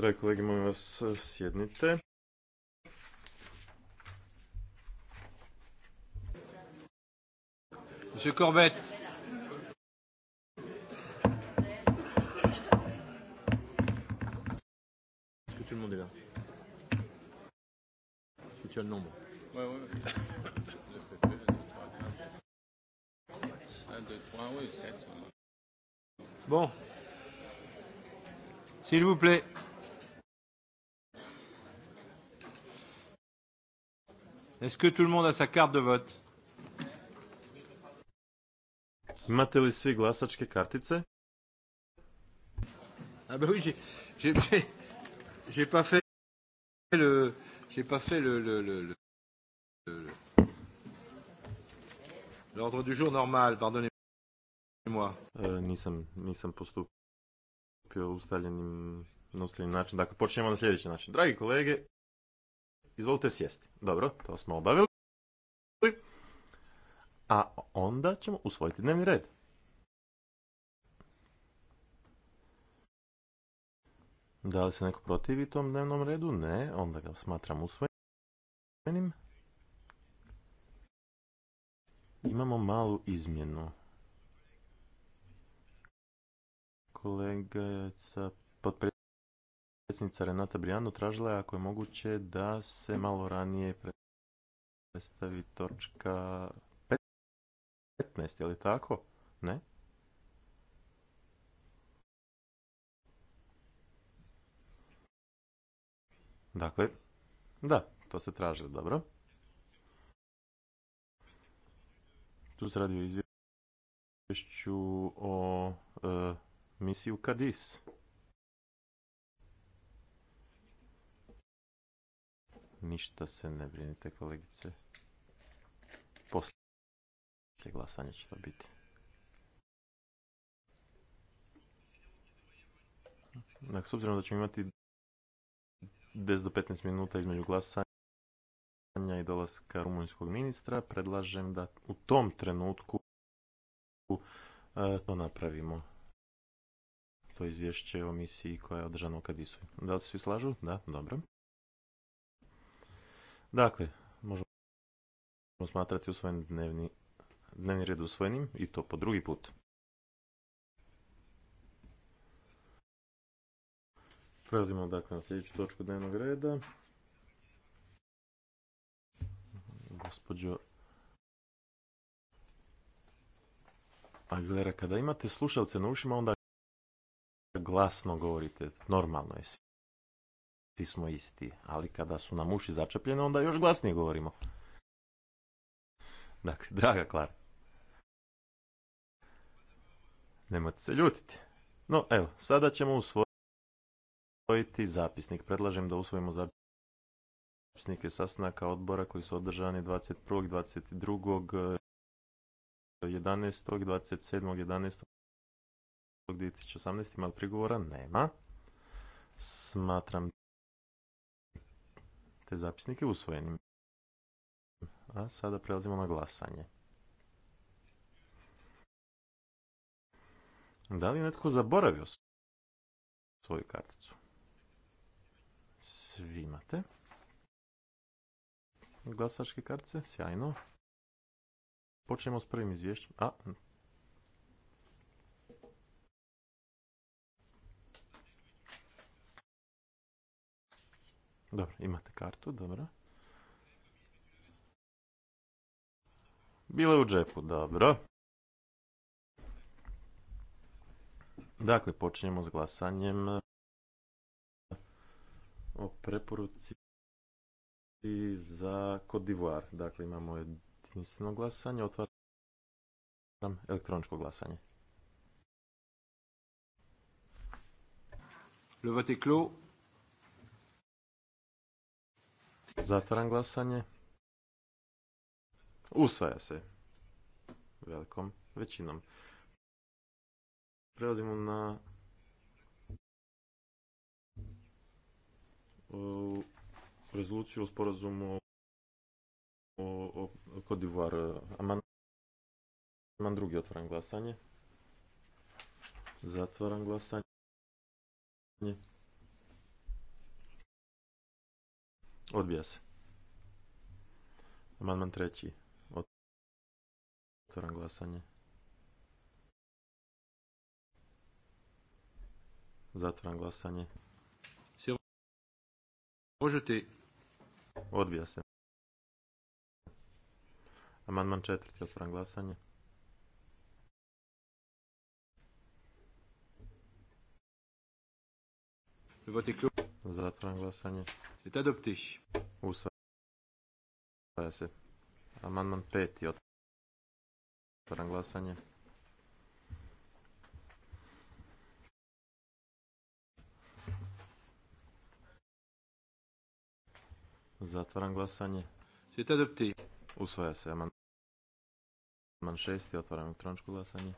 Dragi kolege, molim vas sjednite. Monsieur Corbett. Est-ce que tout le monde est là Est-ce que tu as le nombre Oui, oui, oui, Bon. S'il vous plaît. Est-ce que tout le monde a sa carte de vote? Imate li svi glasačke kartice? Ah ben oui, j'ai pas fait le j'ai pas fait le le le l'ordre du jour normal, pardonnez-moi. Euh, nisam nisam postupio ustaljenim na način. Dakle počnemo na sljedeći način. Dragi kolege, Izvolite sjesti. Dobro, to smo obavili. A onda ćemo usvojiti dnevni red. Da li se neko protivi tom dnevnom redu? Ne, onda ga smatram usvojenim. Imamo malu izmjenu. Kolegaca potpredsjednika predsjednica Renata Brijano tražila je ako je moguće da se malo ranije predstavi točka 15, je li tako? Ne? Dakle, da, to se traži, dobro. Tu se radi o izvješću o e, misiju Kadis. Ništa se ne brinite, kolegice. Poslije glasanja će to biti. Dakle, s obzirom da ćemo imati 10 do 15 minuta između glasanja i dolaska rumunjskog ministra, predlažem da u tom trenutku e, to napravimo. To izvješće o misiji koja je održana u Kadisu. Da li se svi slažu? Da, dobro. Dakle, možemo smatrati usvojeni dnevni, dnevni red usvojenim i to po drugi put. Prelazimo dakle na sljedeću točku dnevnog reda. Gospođo Aguilera, kada imate slušalce na ušima, onda glasno govorite. Normalno je svi smo isti, ali kada su nam uši začepljene, onda još glasnije govorimo. Dakle, draga Klara. Nemojte se ljutiti. No, evo, sada ćemo usvojiti zapisnik. Predlažem da usvojimo zapisnike sastanaka odbora koji su održani 21. 22. 11. 27. 11. 2018. malo prigovora nema. Smatram te zapisnike usvojenim. A sada prelazimo na glasanje. Da li netko zaboravio svoju karticu? Svi imate. Glasačke kartice, sjajno. Počnemo s prvim izvješćem. A, Dobro, imate kartu, dobro. Bilo je u džepu, dobro. Dakle, počinjemo s glasanjem o preporuci za Côte Dakle, imamo jedinstveno glasanje, otvaram elektroničko glasanje. Le vote est clos. Zatvaram glasanje. Usvaja se. Velikom većinom. Prelazimo na... rezoluciju o sporazumu o Kodivar. Amandman drugi otvaram glasanje. Zatvaram glasanje. Odbija se. Amandman treći. Otvoram glasanje. Zatvoram glasanje. Možete... Odbija se. Amandman četvrti. Otvoram glasanje. Votez glasanje. Zatvaram glasanje. C'est adopté. Usvaja se. Amandman peti. Otvaram glasanje. Zatvaram glasanje. C'est adopté. Usvaja se. Amandman šesti. Otvaram elektroničko glasanje.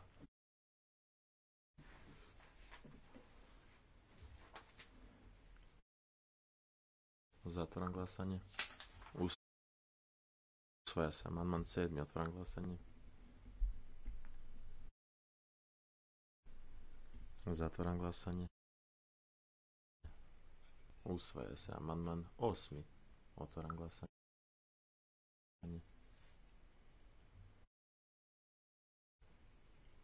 Zatvaram glasanje. Usvaja se amandman sedmi. Otvaram glasanje. Zatvaram glasanje. Usvaja se amandman osmi. Otvaram glasanje.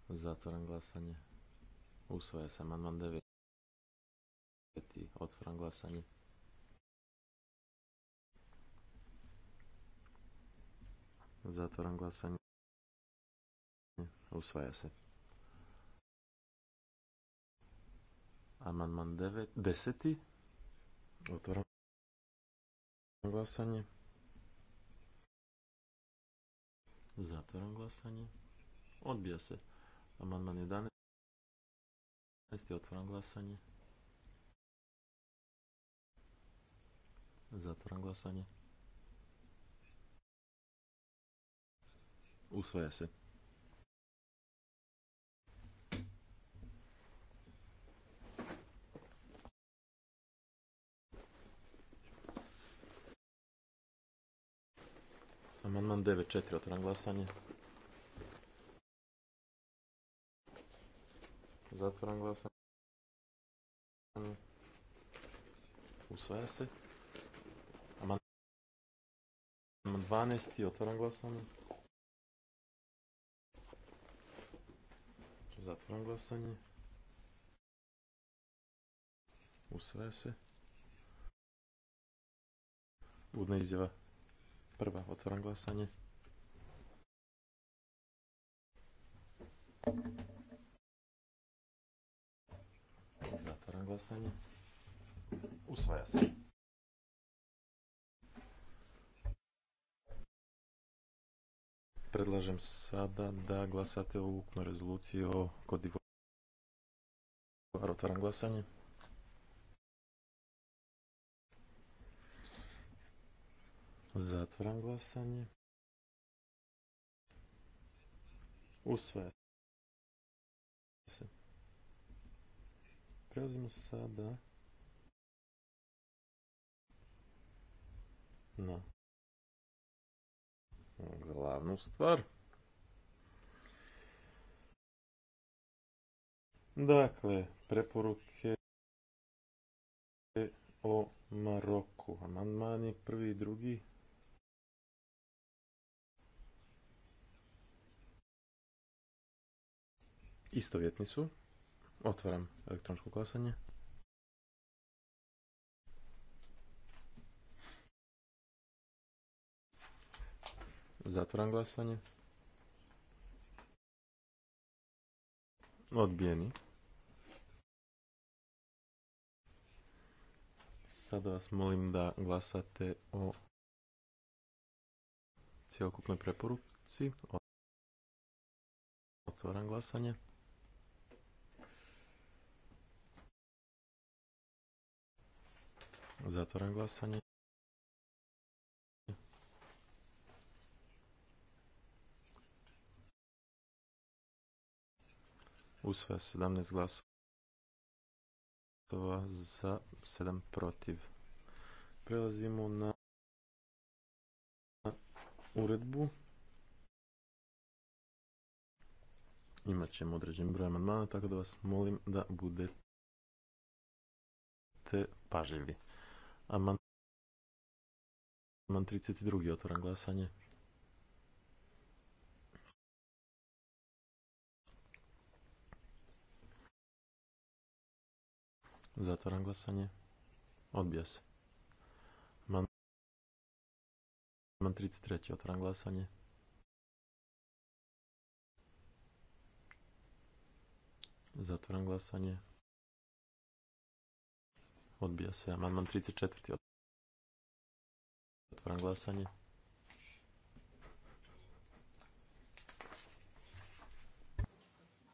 Zatvaram glasanje. Usvaja se amandman 9. Otvaram glasanje. Zatvaram glasanje. Usvaja se. Amandman 9, 10. Otvaram glasanje. Zatvaram glasanje. Odbija se. Amandman 11. Otvaram glasanje. Zatvaram glasanje. Usvaja se. Amandman 9.4. Otvoram glasanje. Zatvoram glasanje. Usvaja se. Amandman 12. Otvoram glasanje. Zatvaram glasanje. Usvaja se. Budna izjava prva. Otvaram glasanje. Zatvaram glasanje. Usvaja se. predlažem sada da glasate o ukupnoj rezoluciji o kod Otvaram glasanje. Zatvaram glasanje. U sve. Prelazimo sada na glavnu stvar. Dakle, preporuke o Maroku. man je prvi i drugi. Istovjetni su. Otvaram elektronsko glasanje. Zatvaram glasanje. Odbijeni. Sada vas molim da glasate o cijelokupnoj preporuci. Otvaram glasanje. Zatvaram glasanje. usvaja 17 glasova za 7 protiv. Prelazimo na uredbu. Imat ćemo određen broj amandmana, tako da vas molim da budete pažljivi. Amandman 32. otvoran glasanje. Zatvaram glasanje. Odbija se. Amandman 33. Otvaram glasanje. Zatvaram glasanje. Odbija se. Amandman 34. Otvaram glasanje.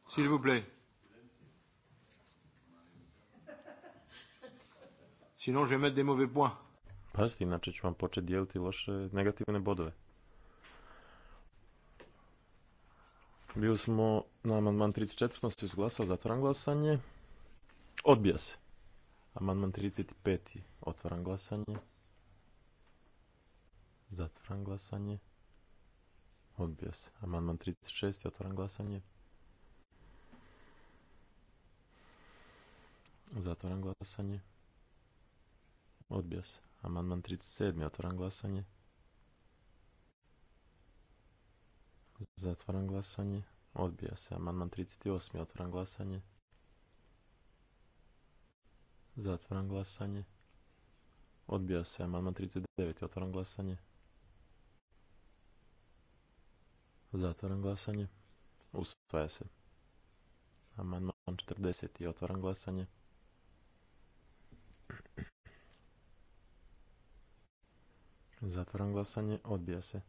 S'il vous plaît. Sinon, je mettre des mauvais points. Pazite, inače ću vam početi dijeliti loše negativne bodove. Bili smo na amandman 34. se izglasao zatvaram glasanje. Odbija se. Amandman 35. otvaram glasanje. Zatvaram glasanje. Odbija se. Amandman 36. otvaram glasanje. Zatvaram glasanje. Odbija se. Amandman 37. Otvaram glasanje. Zatvaram glasanje. Odbija se. Amandman 38. Otvaram glasanje. Zatvaram glasanje. Odbija se. Amandman 39. Otvaram glasanje. Zatvaram glasanje. Usvaja se. Amandman 40. Otvaram glasanje. Zatvaram glasanje. Odbija se.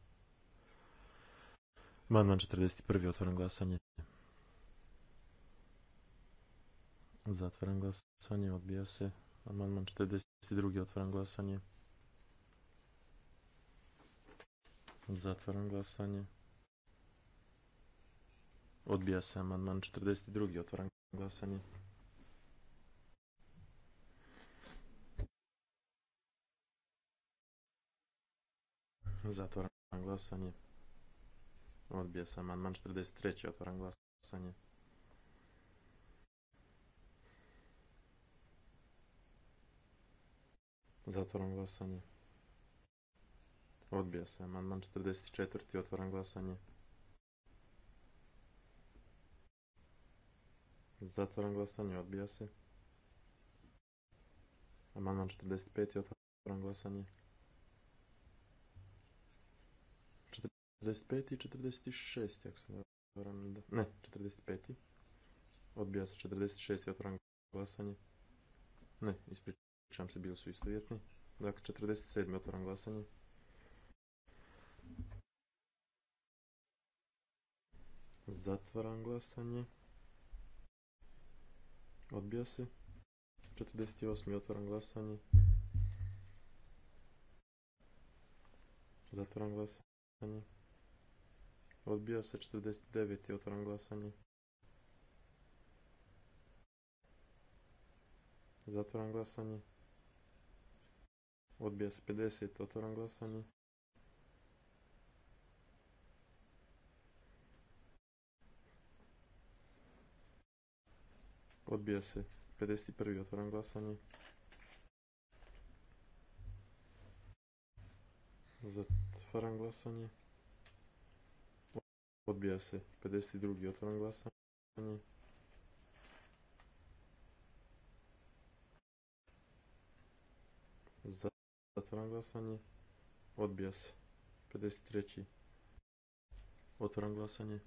Amandman 41. Otvaram glasanje. Zatvaram glasanje. Odbija se. Amandman 42. Otvaram glasanje. Zatvaram glasanje. Odbija se amandman 42. Otvaram glasanje. Zatvaram glasanje. Odbija se amandman 43. Otvaram glasanje. Zatvaram glasanje. Odbija se amandman 44. Otvaram glasanje. Zatvaram glasanje. Odbija se. Amandman 45. Otvaram glasanje. 45. i 46. ako se ne varam. Ne, 45. Odbija se 46. otvoram glasanje. Ne, ispričavam se, bili su istovjetni. Dakle, 47. otvoram glasanje. Zatvaram glasanje. Odbija se. 48. otvaram glasanje. Zatvaram glasanje. Odbija se 49. otvoren glasanje. Zatvaram glasanje. Odbija se 50. otvoren glasanje. Odbija se 51. otvoren glasanje. Zatvaram glasanje. Odbija se. 52. otvoran glasanje. Zatvoran glasanje. Odbija se. 53. Otvoran glasanje.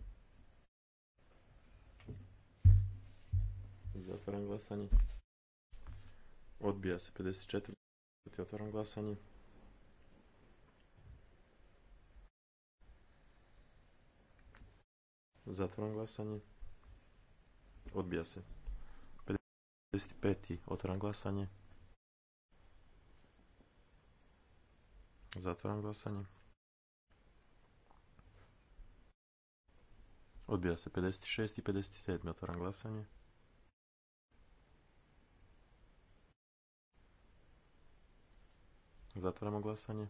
Zatvoran glasanje. Odbija se. 54. Otvoran glasanje. Zatvoram glasanje. Odbija se. 55. Otvoram glasanje. Zatvoram glasanje. Odbija se 56 i 57. Otvoram glasanje. Zatvaramo glasanje.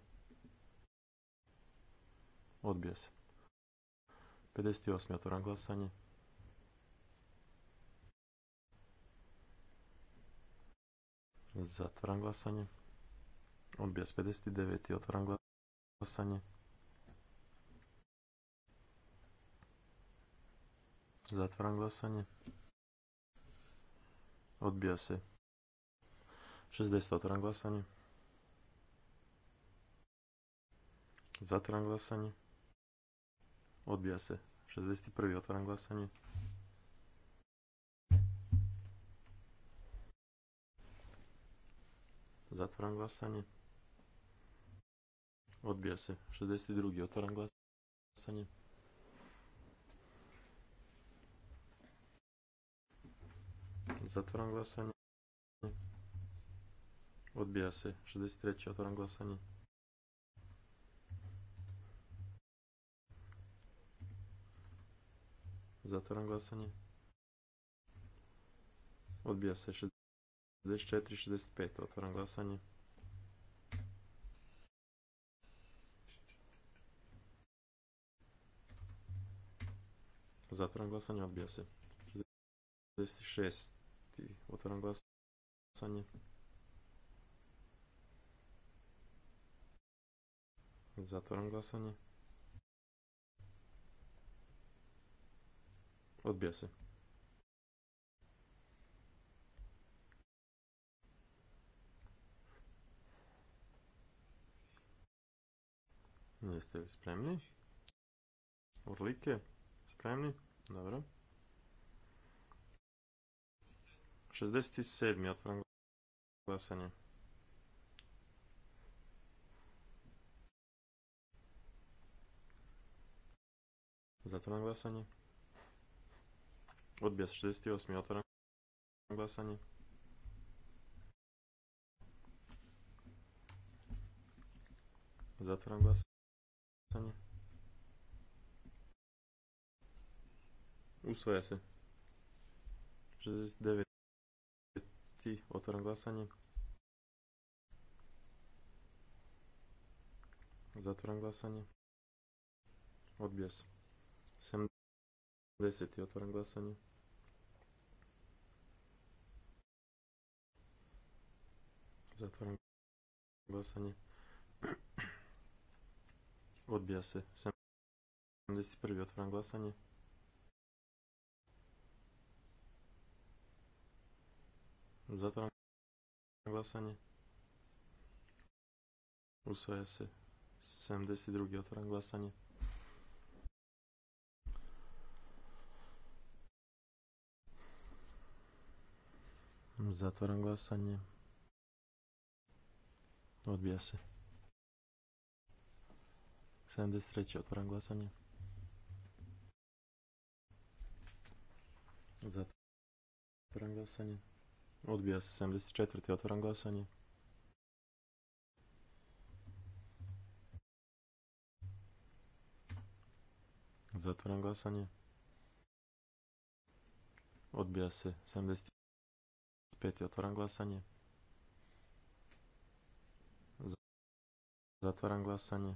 Odbija se. 58. otvoram glasanje. Zatvaram glasanje. Odbija se 59. Otvaram glasanje. Zatvaram glasanje. Odbija se 60. Otvaram glasanje. Zatvaram glasanje. Odbija se 61. otvaram glasanje. Zatvaram glasanje. Odbija se. 62. otvaram glasanje. Zatvaram glasanje. Odbija se. 63. otvaram glasanje. Zatvaram glasanje. Odbija se 64, 65. Otvaram glasanje. Zatvaram glasanje. Odbija se. 66. Otvaram glasanje. Zatvaram glasanje. Odbija se. Jeste li spremni? Urlike, spremni? Dobro. 67. otvoram glasanje. Zatvoram glasanje. Odbija se 68. Otvaram glasanje. Zatvaram glasanje. Usvaja se. 69. Otvaram glasanje. Zatvaram glasanje. Odbija se. 70. Otvaram glasanje. Zatvaram glasanje. Odbija se. 71. Otvaram glasanje. Zatvaram glasanje. Usvaja se. 72. Otvaram glasanje. Zatvaram glasanje. Odbija se. 73. Otvaram glasanje. Zatvaram glasanje. Odbija se 74. Otvaram glasanje. Zatvaram glasanje. Odbija se 75. Otvaram glasanje. Zatvaram glasanje.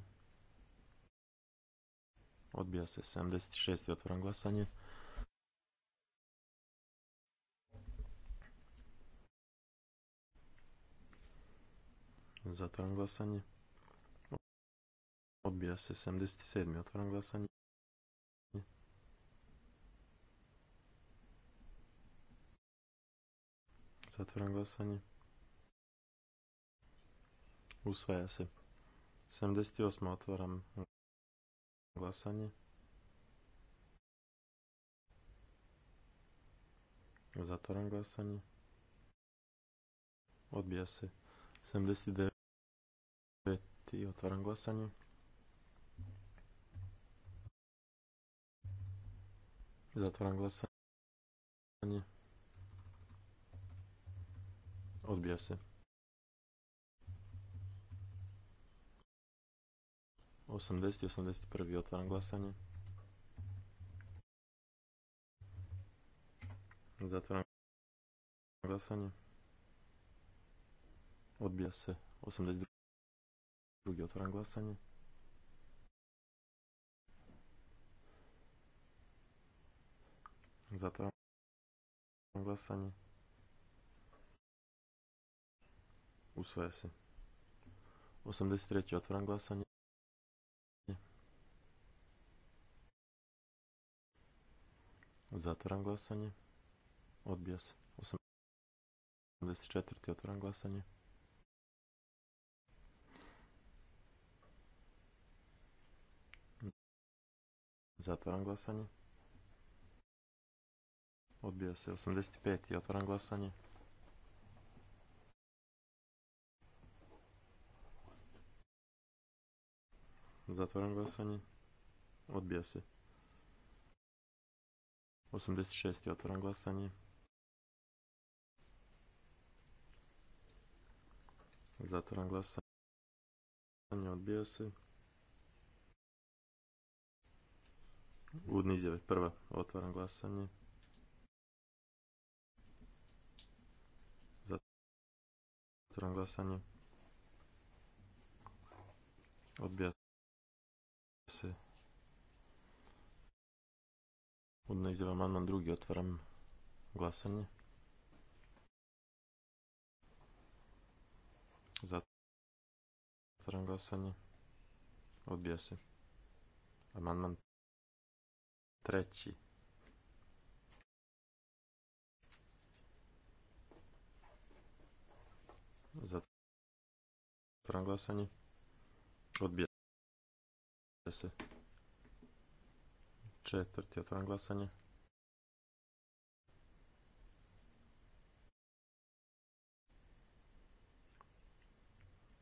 Odbija se 76. Otvaram glasanje. Zatvaram glasanje. Odbija se 77. Otvaram glasanje. Zatvaram glasanje. Usvaja se. 78. otvaram glasanje. Zatvaram glasanje. Odbija se. 79. Otvoram otvaram glasanje. Zatvaram glasanje. Odbija se. 80 i 81. Otvaram glasanje. Zatvaram glasanje. Odbija se 82. Otvaram glasanje. Zatvaram glasanje. Usvaja se. 83. Otvaram glasanje. Zatvaram glasanje. Odbija se. 84. Otvaram glasanje. Zatvaram glasanje. Odbija se 85. Otvaram glasanje. Zatvaram glasanje. Odbija se. 86. otvaram glasanje. Zatvaram glasanje. Odbija se. Udni izjave prva. Otvaram glasanje. Zatvaram glasanje. Odbija Budno izjava amandman drugi, otvaram glasanje. otvaram glasanje. Odbija se. Amandman treći. Zatvaram glasanje. Odbija se četvrti. Otvaram glasanje.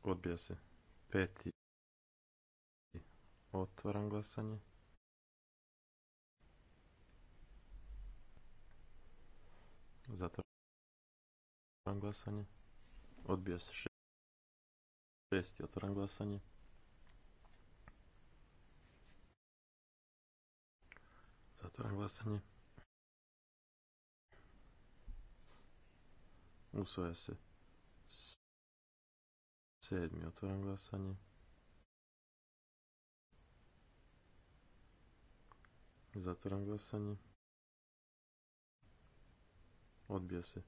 Odbija se. Peti. Otvaram glasanje. Zatvaram glasanje. Odbija se šesti. otvoram glasanje. Zatvaram glasanje. Usvaja se. Sedmi. Otvaram glasanje. Zatvaram glasanje. Odbija se.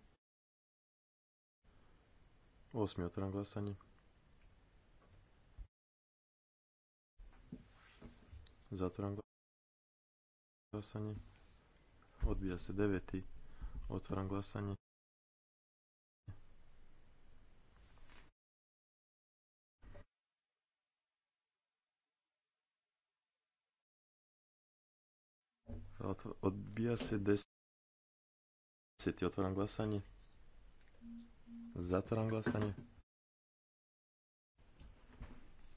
Osmi. Otvaram glasanje. Zatvaram glasanje glasanje. Odbija se deveti. Otvaram glasanje. Odbija se deseti. Otvaram glasanje. Zatvaram glasanje.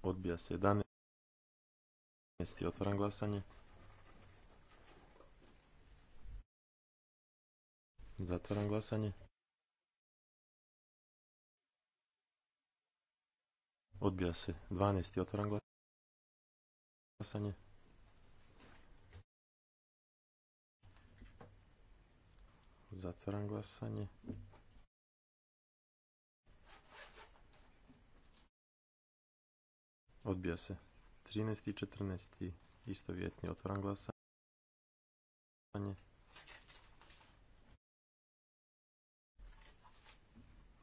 Odbija se 11. Otvaram glasanje. Zatvaram glasanje. Odbija se. 12. Otvaram glasanje. Zatvaram glasanje. Odbija se. 13. i 14. istovjetni. Otvaram glasanje.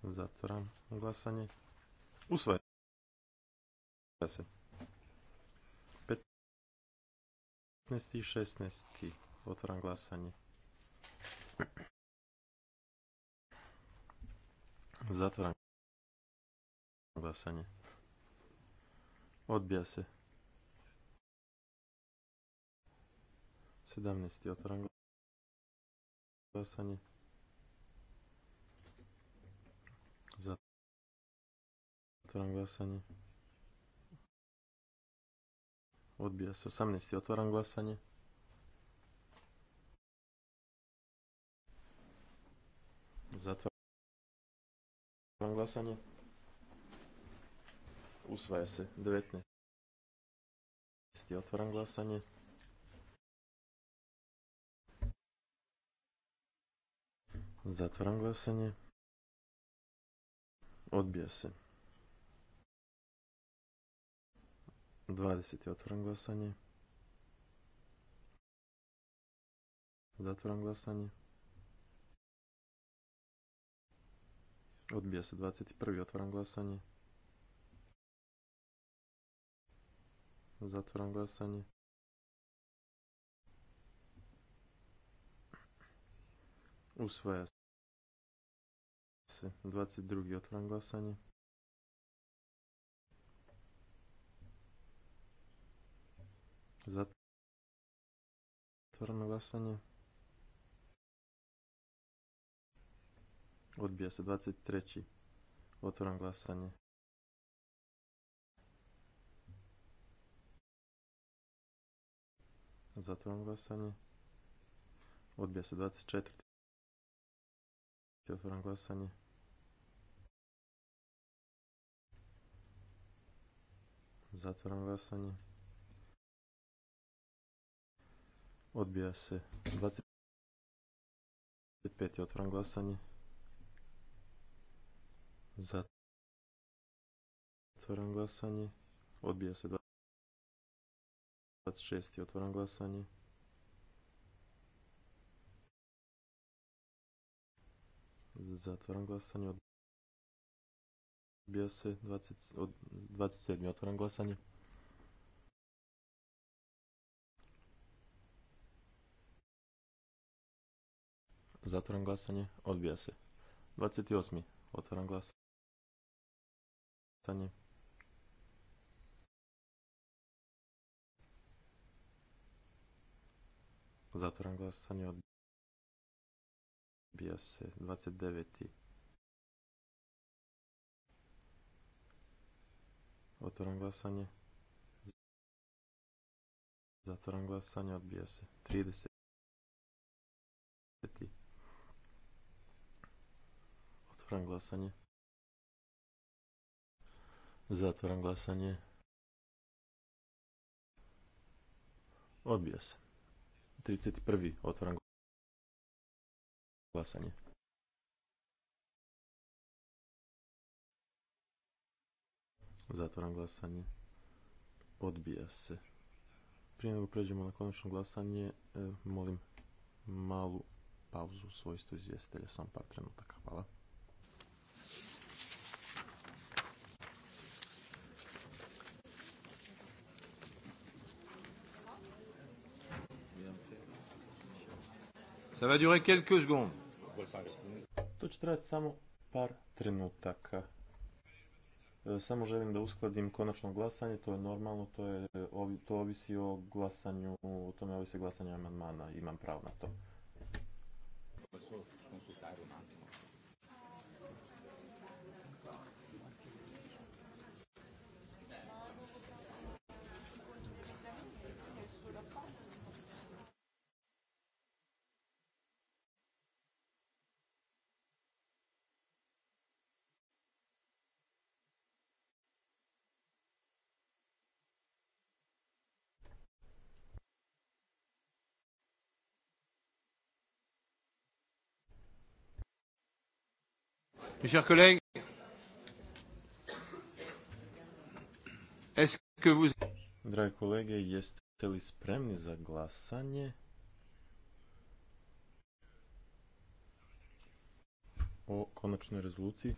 Zatvaram glasanje. Usvaja se. 15. i 16. Otvaram glasanje. Zatvaram glasanje. Odbija se. 17. Otvaram glasanje. Otvaram glasanje. Odbija se. 18. Otvaram glasanje. Zatvaram glasanje. Usvaja se. 19. Otvaram glasanje. Zatvaram glasanje. Odbija se. 20. Otvoram glasanje. Zatvoram glasanje. Odbija se 21. Otvoram glasanje. Zatvoram glasanje. Usvaja se. 22. Otvoram glasanje. Zatvoreno glasanje. Odbija se 23. Otvoram glasanje. Zatvoram glasanje. Odbija se 24. Otvoram glasanje. Zatvoram glasanje. Odbija se. 25. je otvoran glasanje. Zatvoran glasanje. Odbija se. 26. je otvoran glasanje. Zatvoran glasanje. Odbija se. 27. je otvoran glasanje. Zatvoram glasanje. Odbija se. 28. Otvaram glasanje. Zatvoram glasanje. Odbija se. 29. Otvaram glasanje. Zatvaram glasanje. Odbija se. 30. Otvaram glasanje. Zatvaram glasanje. Odbija se. 31. Otvaram glasanje. Zatvaram glasanje. Odbija se. Prije nego pređemo na konačno glasanje, e, molim malu pauzu u svojstvu izvjestelja, sam par trenutaka. Hvala. Ça va durer quelques secondes. To će trajati samo par trenutaka. E, samo želim da uskladim konačno glasanje, to je normalno, to, je, to ovisi o glasanju, o tome ovisi glasanje amandmana, imam pravo na to. Mes chers collègues, est-ce que vous... Dragi kolege, jeste li spremni za glasanje? o konačnoj rezoluciji.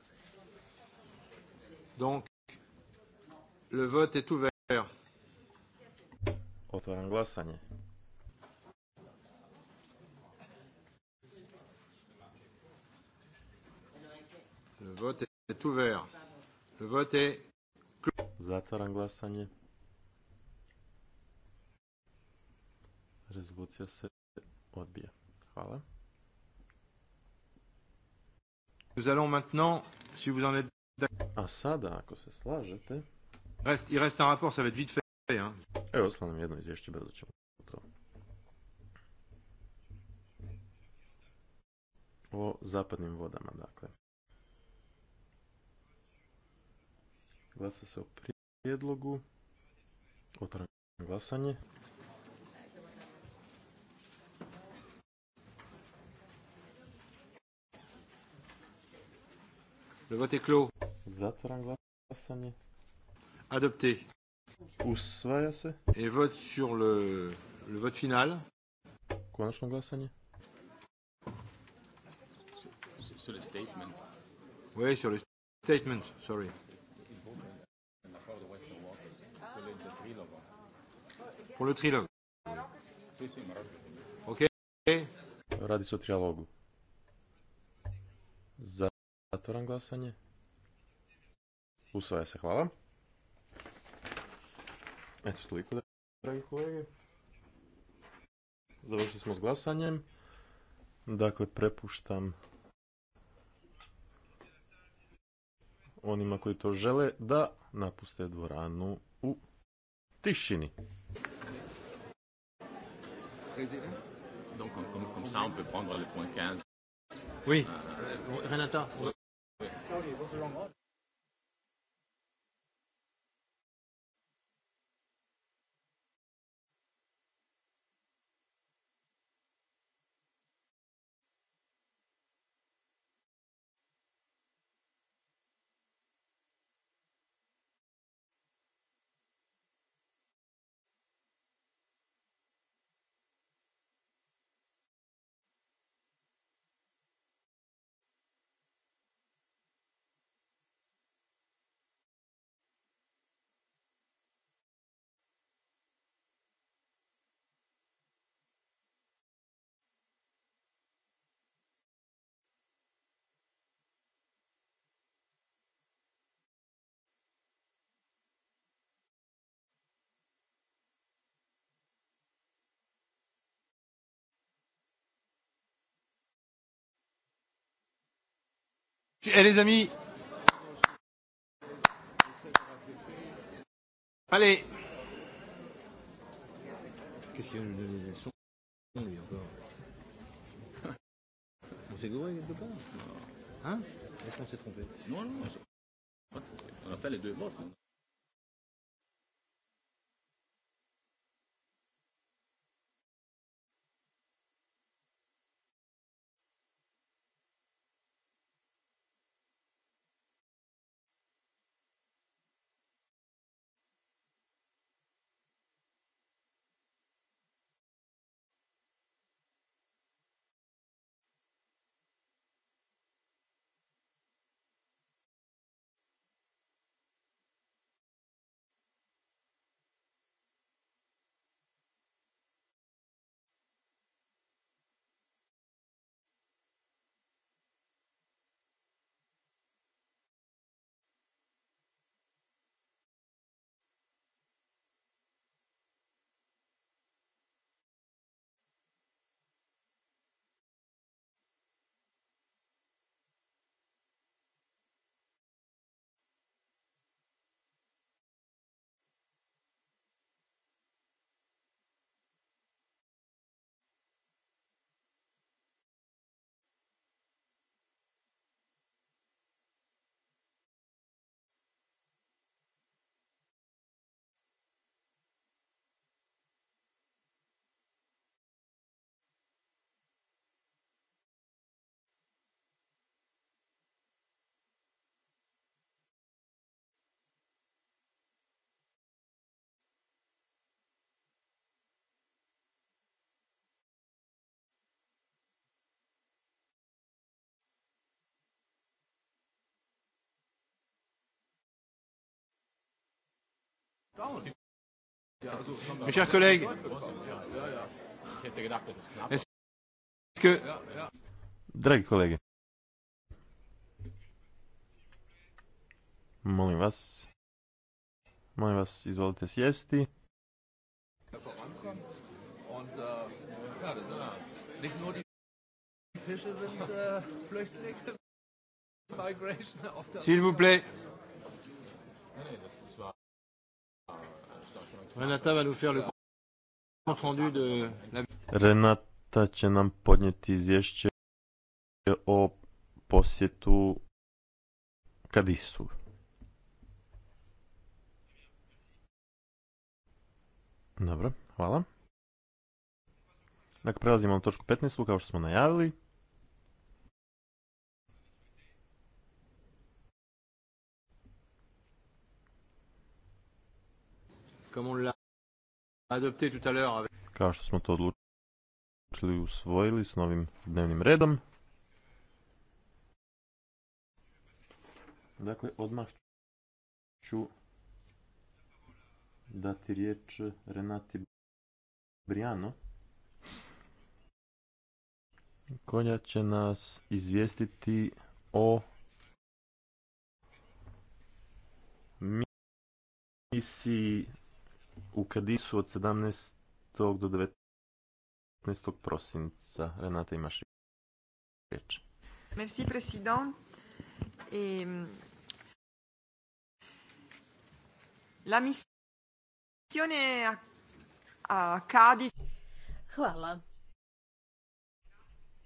Donc, le vote est ouvert. Otvaram glasanje. vote est ouvert. Le vote est clos. Zatvaram glasanje. Rezolucija se odbija. Hvala. Nous allons maintenant, si vous en êtes A sada, ako se slažete... Reste, il reste un rapport, ça va être vite fait. Hein. Evo, osla nam jedno izvješće, brzo ćemo to. O zapadnim vodama, dakle. Glasa se o prijedlogu. Otvaram glasanje. Zatvaram glasanje. Adopti. Usvaja se. i vote sur le, le vote final. Konačno glasanje. Sur le statement. Oui, sur le statement, sorry. Pour le trilogue. Ok. Radi se o trialogu. Zatvoram glasanje. Usvaja se, hvala. Eto, toliko da, dragi kolege. Završili smo s glasanjem. Dakle, prepuštam onima koji to žele da napuste dvoranu u tišini. Président. Donc, comme, comme, comme ça, on peut prendre le point 15. Oui, euh, Renata. Oui. Ah Eh les amis Allez Qu'est-ce qu'il y a nous donner des leçons lui encore On s'est gouré quelque part Hein Est-ce qu'on s'est trompé Non, non, on a fait les deux votes. Mes chers collègues, est-ce que... Dragi kolege, molim vas, molim vas, izvolite sjesti. S'il vous plaît. Renata će nam podnijeti izvješće o posjetu Kadisu. Dobro, hvala. Dakle, prelazimo na točku 15. Kao što smo najavili. Kao što smo to odlučili usvojili s novim dnevnim redom. Dakle, odmah ću dati riječ Renati Brijano. Konja će nas izvijestiti o misiji u Kadisu od 17. do 19. prosinca. Renata imaš riječ. Merci, president. La missione a, a Cadiz... Hvala.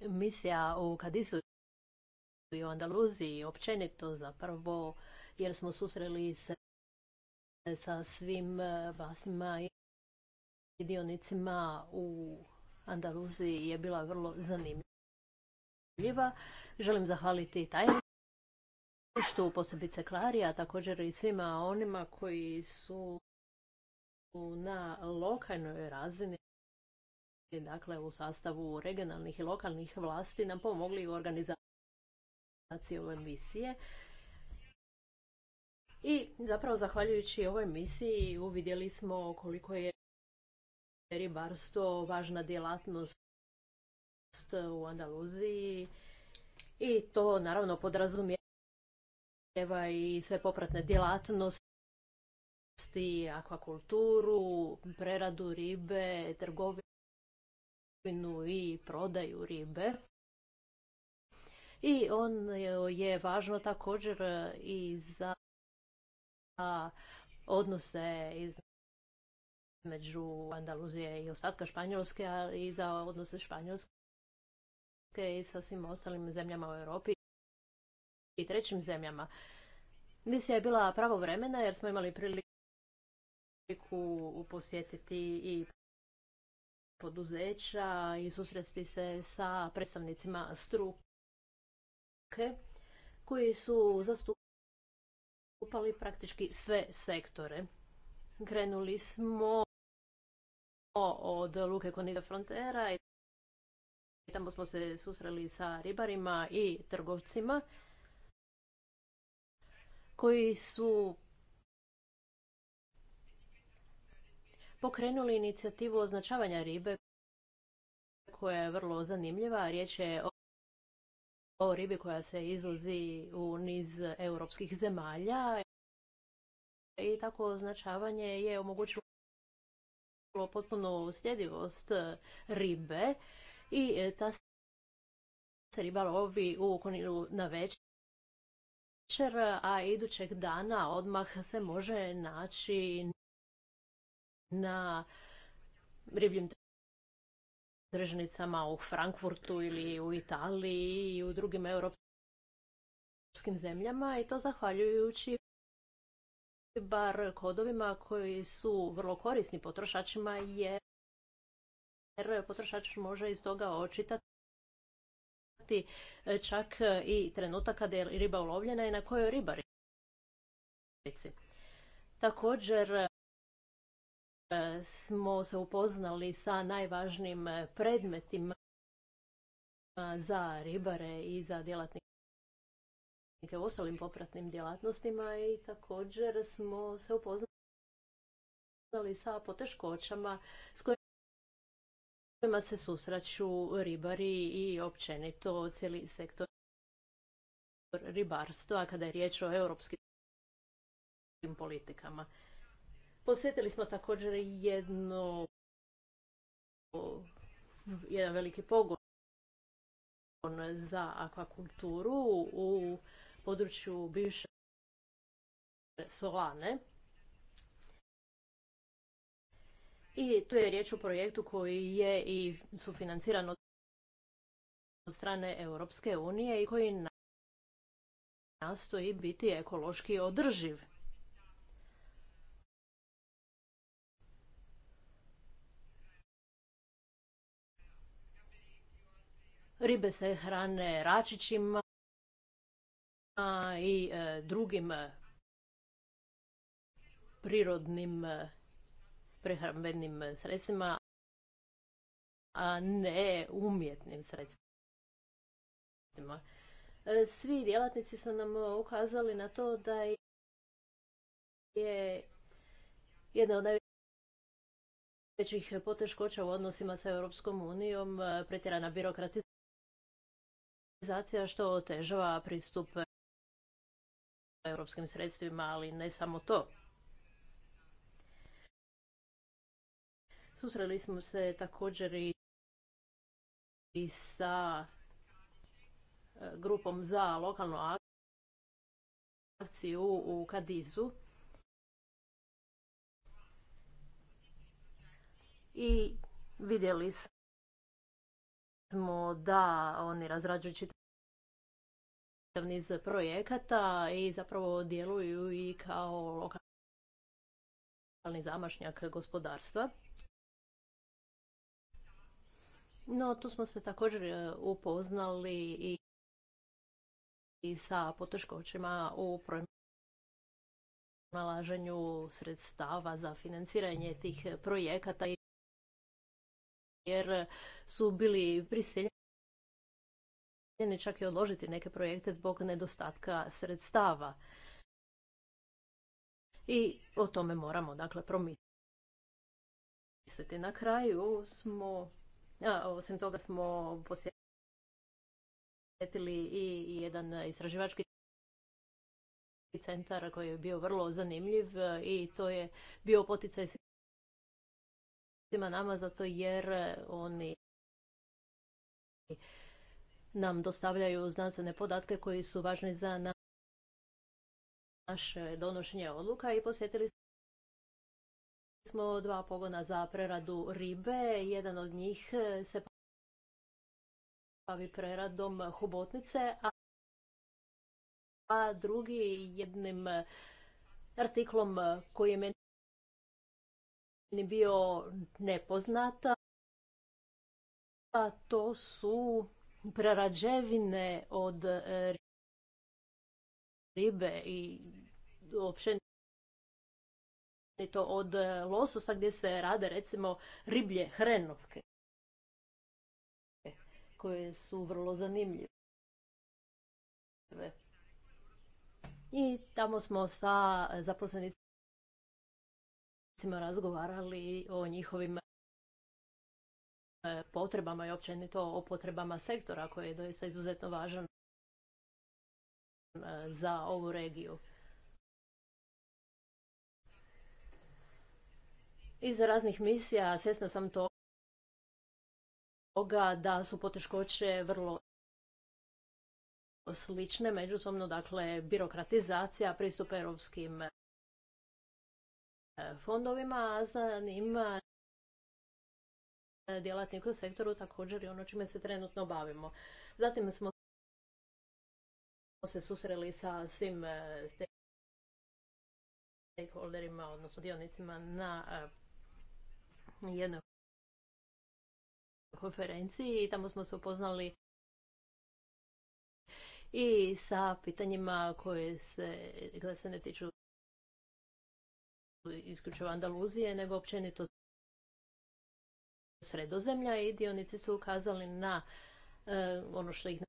Misija u Kadisu i u Andaluziji općenito zapravo jer smo susreli se sa svim e, vasima i dionicima u Andaluziji je bila vrlo zanimljiva. Želim zahvaliti u posebice Klari, a također i svima onima koji su na lokalnoj razini dakle u sastavu regionalnih i lokalnih vlasti nam pomogli u organizaciji ove misije. I zapravo zahvaljujući ovoj misiji uvidjeli smo koliko je ribarstvo važna djelatnost u Andaluziji i to naravno podrazumijeva i sve popratne djelatnosti, akvakulturu, preradu ribe, trgovinu i prodaju ribe. I on je važno također i za odnose između Andaluzije i ostatka Španjolske, ali i za odnose Španjolske i sa svim ostalim zemljama u Europi i trećim zemljama. Misija je bila pravo vremena jer smo imali priliku posjetiti i poduzeća i susresti se sa predstavnicima struke koji su zastupili upali praktički sve sektore. Krenuli smo od Luke Konida Frontera i tamo smo se susreli sa ribarima i trgovcima koji su pokrenuli inicijativu označavanja ribe koja je vrlo zanimljiva. Riječ je o ribi koja se izvozi u niz europskih zemalja i tako označavanje je omogućilo potpunu sljedivost ribe i e, ta se riba lovi u koninu na večer, a idućeg dana odmah se može naći na ribljim tržnicama u Frankfurtu ili u Italiji i u drugim europskim zemljama i to zahvaljujući bar kodovima koji su vrlo korisni potrošačima jer potrošač može iz toga očitati čak i trenutak kada je riba ulovljena i na kojoj ribari Također, smo se upoznali sa najvažnijim predmetima za ribare i za djelatnike u ostalim popratnim djelatnostima i također smo se upoznali sa poteškoćama s kojima se susraću ribari i općenito cijeli sektor ribarstva kada je riječ o europskim politikama. Posjetili smo također jedno, jedan veliki pogon za akvakulturu u području bivše Solane. I tu je riječ o projektu koji je i sufinanciran od strane Europske unije i koji nastoji biti ekološki održiv. Ribe se hrane račićima i e, drugim e, prirodnim e, prehrambenim sredstvima, a ne umjetnim sredstvima. Svi djelatnici su nam ukazali na to da je jedna od najvećih poteškoća u odnosima sa Europskom unijom pretjerana birokratizacija zacija što otežava pristup europskim sredstvima, ali ne samo to. Susreli smo se također i sa e, grupom za lokalnu akciju u Kadizu. I vidjeli smo da oni razrađuju čitav niz projekata i zapravo djeluju i kao lokalni zamašnjak gospodarstva. No, tu smo se također e, upoznali i, i sa poteškoćima u pronalaženju sredstava za financiranje tih projekata i jer su bili prisiljeni čak i odložiti neke projekte zbog nedostatka sredstava. I o tome moramo dakle promisliti. Na kraju smo, a, osim toga smo posjetili i jedan istraživački centar koji je bio vrlo zanimljiv i to je bio poticaj svima nama zato jer e, oni nam dostavljaju znanstvene podatke koji su važni za naše donošenje odluka i posjetili smo dva pogona za preradu ribe. Jedan od njih e, se bavi preradom hubotnice, a drugi jednim e, artiklom koji je meni bio nepoznata, a to su prerađevine od e, ribe i općenito od e, lososa gdje se rade recimo riblje hrenovke koje su vrlo zanimljive. I tamo smo sa zaposlenicima razgovarali o njihovim e, potrebama i općenito o potrebama sektora koji je doista izuzetno važan e, za ovu regiju. Iz raznih misija svjesna sam toga da su poteškoće vrlo slične, međusobno dakle birokratizacija, pristup europskim fondovima, a zanima e, djelatnike u sektoru također i ono čime se trenutno bavimo. Zatim smo se susreli sa svim e, stakeholderima, odnosno dionicima na e, jednoj konferenciji i tamo smo se upoznali i sa pitanjima koje koje se ne tiču isključivo Andaluzije, nego općenito sredozemlja i dionici su ukazali na e, ono što ih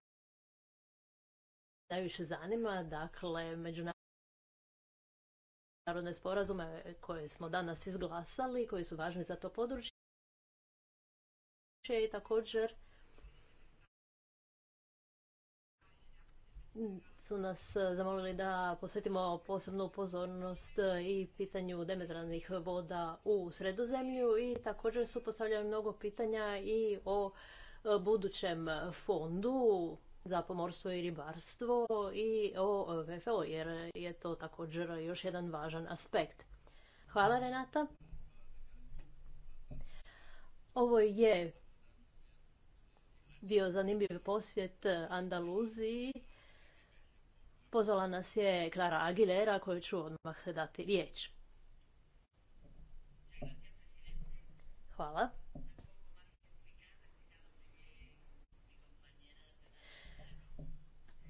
najviše zanima, dakle međunarodne sporazume koje smo danas izglasali, koji su važni za to područje i također su nas e, zamolili da posvetimo posebnu pozornost e, i pitanju demetralnih voda u sredozemlju i također su postavljali mnogo pitanja i o e, budućem fondu za pomorstvo i ribarstvo i o VFO jer je to također još jedan važan aspekt. Hvala Renata. Ovo je bio zanimljiv posjet Andaluziji Pozvala nas je Klara Aguilera koju ću odmah dati riječ. Hvala.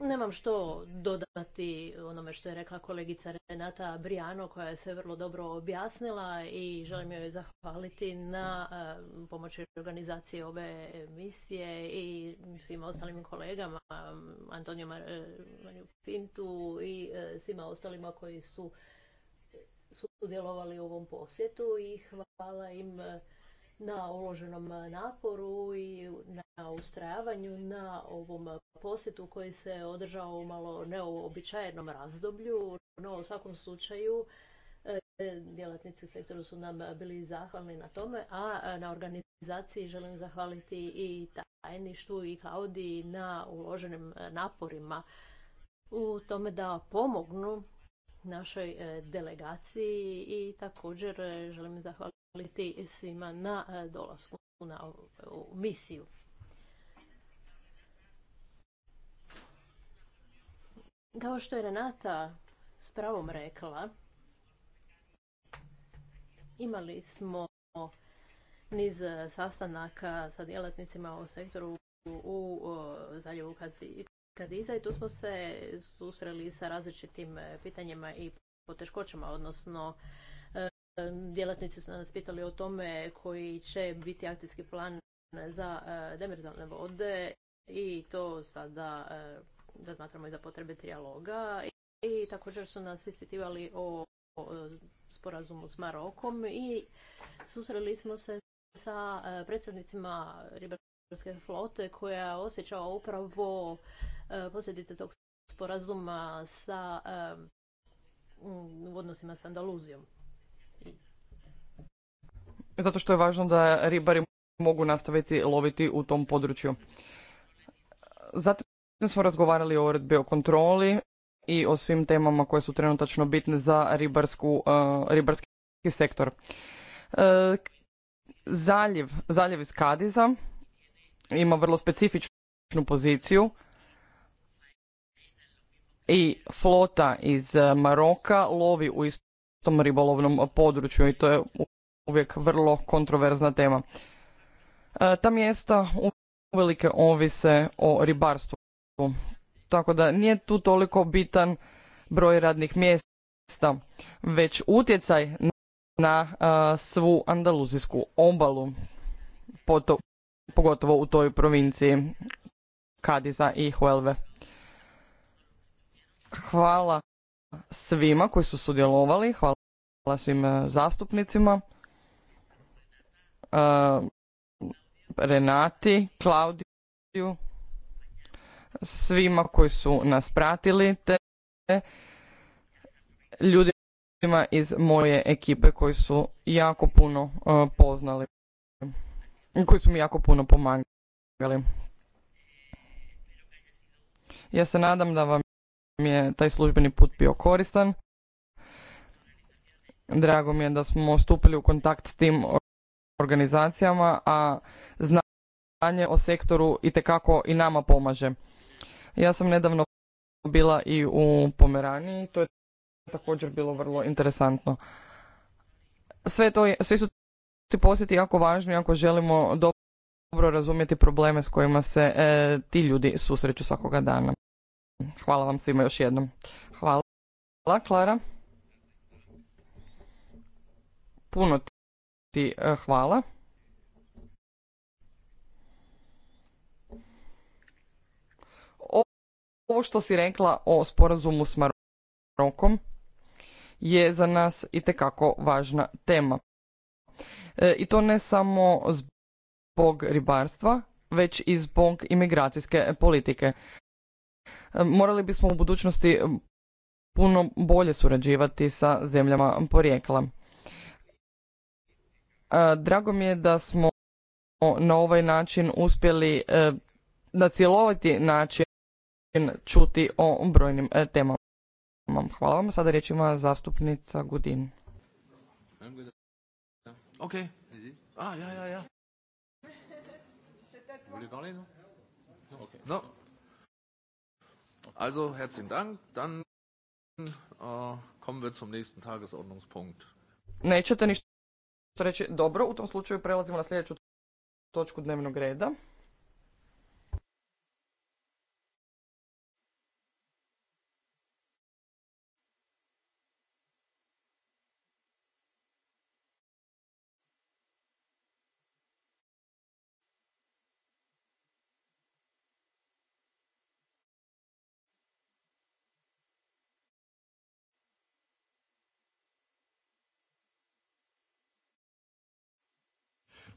Nemam što dodati onome što je rekla kolegica Renata Brijano koja je sve vrlo dobro objasnila i želim joj zahvaliti na eh, pomoći organizacije ove emisije i svim ostalim kolegama, mm, Antoniju eh, Pintu i eh, svima ostalima koji su sudjelovali u ovom posjetu i hvala im na uloženom e, naporu i na ustrajavanju na ovom posjetu koji se održao u malo neobičajenom razdoblju. No, u svakom slučaju, e, djelatnici u sektoru su nam bili zahvalni na tome, a na organizaciji želim zahvaliti i tajništu i Klaudiji na uloženim e, naporima u tome da pomognu našoj delegaciji i također želim zahvaliti na e, dolasku na misiju. Kao što je Renata s pravom rekla, imali smo niz e, sastanaka sa djelatnicima u sektoru u zaljevu Kadiza i tu smo se susreli sa različitim e, pitanjima i poteškoćama, odnosno Djelatnici su nas pitali o tome koji će biti akcijski plan za e, demerzalne vode i to sada e, razmatramo i za potrebe trijaloga. I također su nas ispitivali o sporazumu s Marokom i susreli smo se sa e, predsjednicima ribarske flote koja osjeća upravo posljedice tog sporazuma sa u odnosima s Andaluzijom zato što je važno da ribari mogu nastaviti loviti u tom području. Zatim smo razgovarali o uredbi o kontroli i o svim temama koje su trenutačno bitne za ribarsku, e, ribarski sektor. E, zaljev, zaljev iz Kadiza ima vrlo specifičnu poziciju i flota iz Maroka lovi u istom ribolovnom području i to je uvijek vrlo kontroverzna tema. E, ta mjesta uvelike ovise o ribarstvu, tako da nije tu toliko bitan broj radnih mjesta, već utjecaj na e, svu andaluzijsku obalu, pogotovo u toj provinciji Kadiza i Huelve. Hvala svima koji su sudjelovali, hvala svim e, zastupnicima. Renati, Klaudiju, svima koji su nas pratili, te ljudima iz moje ekipe koji su jako puno poznali, koji su mi jako puno pomagali. Ja se nadam da vam je taj službeni put bio koristan. Drago mi je da smo stupili u kontakt s tim organizacijama, a znanje o sektoru i tekako i nama pomaže. Ja sam nedavno bila i u Pomeraniji, to je također bilo vrlo interesantno. Sve to je, svi su ti posjeti jako važni ako želimo dobro razumjeti probleme s kojima se e, ti ljudi susreću svakoga dana. Hvala vam svima još jednom. Hvala. Klara. Puno ti e, hvala. Ovo što si rekla o sporazumu s Marokom je za nas i tekako važna tema. E, I to ne samo zbog ribarstva, već i zbog imigracijske politike. E, morali bismo u budućnosti puno bolje surađivati sa zemljama porijekla. Drago mi je da smo na ovaj način uspjeli e, na cjeloviti način čuti o brojnim e, temama. Hvala vam. Sada riječ ima zastupnica Gudin. Ok. A, ja, ja, ja. No. Also, herzlichen Dank. Dann uh, kommen wir zum nächsten Tagesordnungspunkt. Nećete ništa reći dobro, u tom slučaju prelazimo na sljedeću točku dnevnog reda.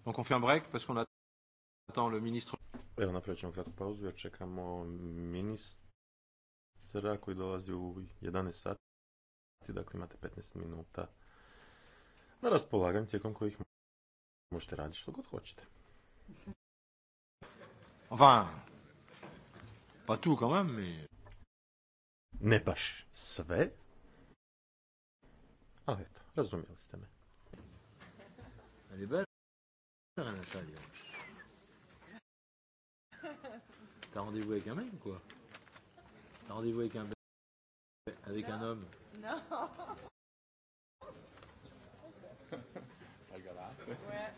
Donc on fait un break parce qu'on attend le ministre. Evo napravit ćemo kratku pauzu jer čekamo ministra koji dolazi u 11 sati, dakle imate 15 minuta na raspolaganju tijekom kojih možete raditi što god hoćete. Enfin, pas tout quand même, mais... Ne baš sve, ali eto, razumijeli ste me. T'as rien à T'as rendez-vous avec un mec ou quoi T'as rendez-vous avec un avec non. un homme Non Ouais.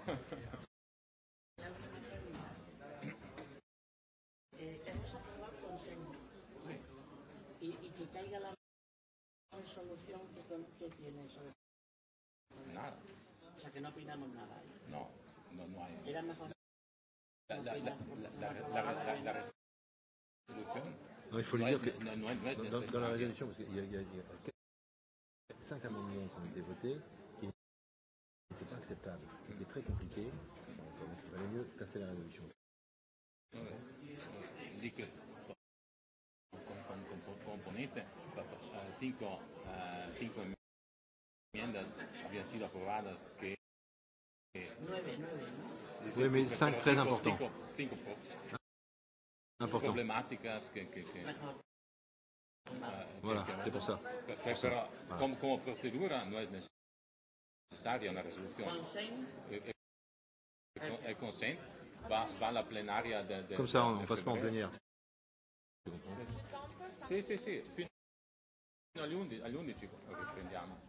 Hemos Ouais. consenso y, y que caiga la solución que, que tiene nada. O sea que no opinamos nada. Era mejor. La, la, la, la, la, Non, il faut lui dire que dans, dans la résolution, parce qu'il y y y a cinq amendements qui ont été votés qui n'étaient pas acceptables, qui étaient très compliqués. Donc, il valait mieux casser la Oui, mais 5 très important. Important. Voilà, c'est pour ça. Comme procédure, nous com, come procedura non è necessaria una risoluzione. consent va, va la plenaria del... De, Come ça, on ne passe pas en plénière. Sì, sì, sì, fino all'11 ci riprendiamo.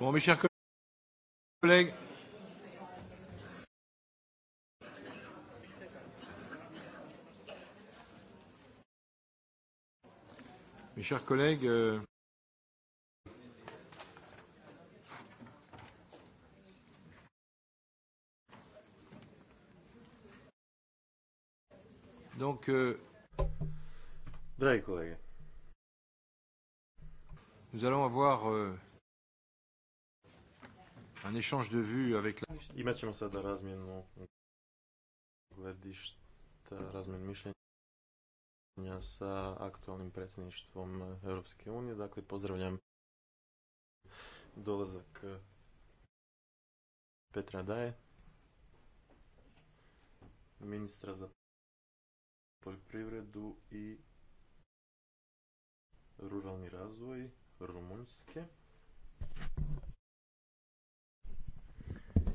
Bon, mes chers collègues. Mes chers collègues, euh... donc euh... Dragi Nous allons avoir euh un échange de vues avec Imat ćemo sada razmjenu gledišta, razmjenu mišljenja sa aktualnim predsjedništvom Europske unije. Dakle, pozdravljam dolazak Petra Daje, ministra za poljoprivredu i ruralni razvoj Rumunjske.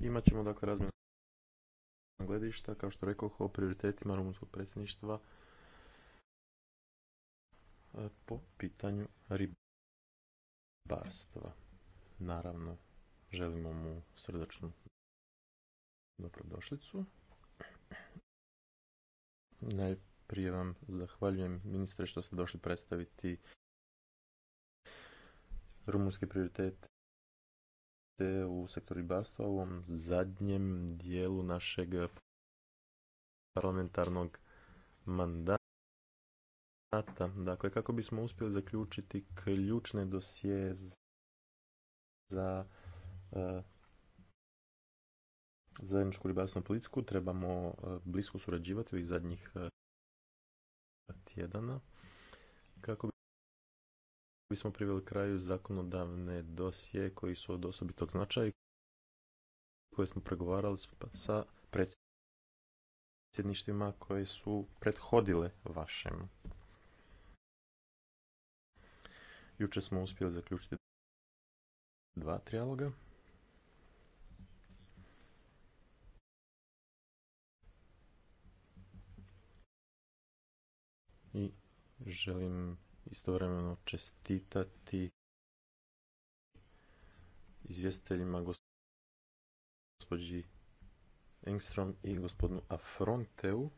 Imat ćemo dakle razmjena gledišta, kao što rekoh, o prioritetima rumunskog predsjedništva e, po pitanju ribarstva. Naravno, želimo mu srdačnu dobrodošlicu. Najprije vam zahvaljujem ministre što ste došli predstaviti rumunski prioritete u sektoru ribarstva u ovom zadnjem dijelu našeg parlamentarnog mandata. Dakle, kako bismo uspjeli zaključiti ključne dosije za e, zajedničku ribarstvenu politiku, trebamo e, blisko surađivati u zadnjih e, tjedana kako smo priveli kraju zakonodavne dosije koji su od osobitog značaja koje smo pregovarali pa sa predsjedništvima koje su prethodile vašem. Juče smo uspjeli zaključiti dva trijaloga. I želim istovremeno čestitati izvjestiteljima gospođi Engstrom i gospodinu Afronteu.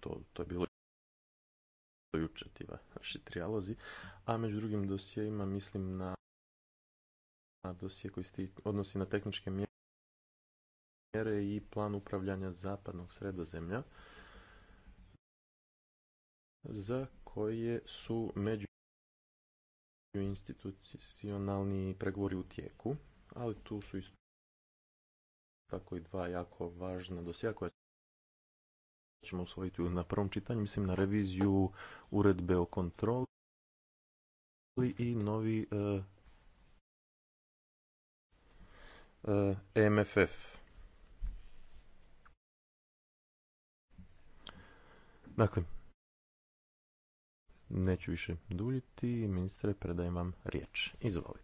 To, to je bilo juče ti vaši trijalozi. A među drugim dosjeima mislim na, na dosije koji se odnosi na tehničke mjere i plan upravljanja zapadnog sredozemlja za koje su institucionalni pregovori u tijeku, ali tu su isto tako i dva jako važna dosija koja ćemo usvojiti na prvom čitanju, mislim na reviziju uredbe o kontroli i novi e, e, e MFF. Dakle, Neću više duljiti. Ministre, predajem vam riječ. Izvolite.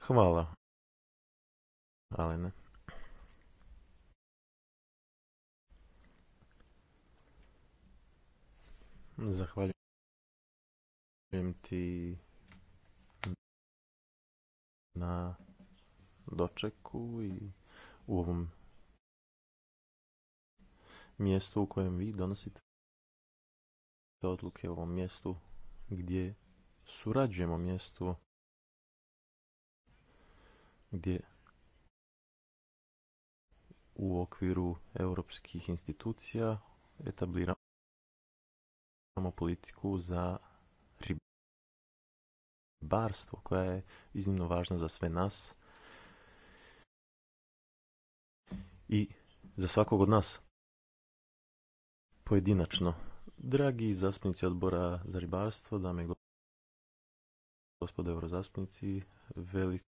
Hvala. Alena. Zahvaljujem ti na dočeku i u ovom mjestu u kojem vi donosite odluke u ovom mjestu gdje surađujemo mjestu gdje u okviru europskih institucija etabliramo politiku za ribarstvo koja je iznimno važna za sve nas i za svakog od nas. Pojedinačno, dragi zastupnici odbora za ribarstvo, dame i gospode eurozastupnici, veliko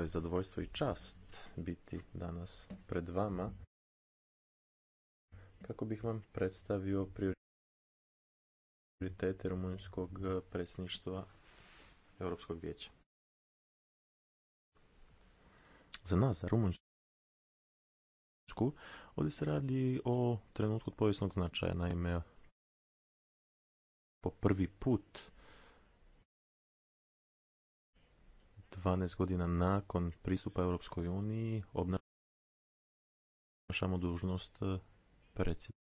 je zadovoljstvo i čast biti danas pred vama kako bih vam predstavio prioritete rumunjskog predsjedništva Europskog vijeća. Za nas, za Rumunjsku, Ovdje se radi o trenutku povijesnog značaja, naime po prvi put 12 godina nakon pristupa Europskoj uniji obnašamo dužnost predsjedništva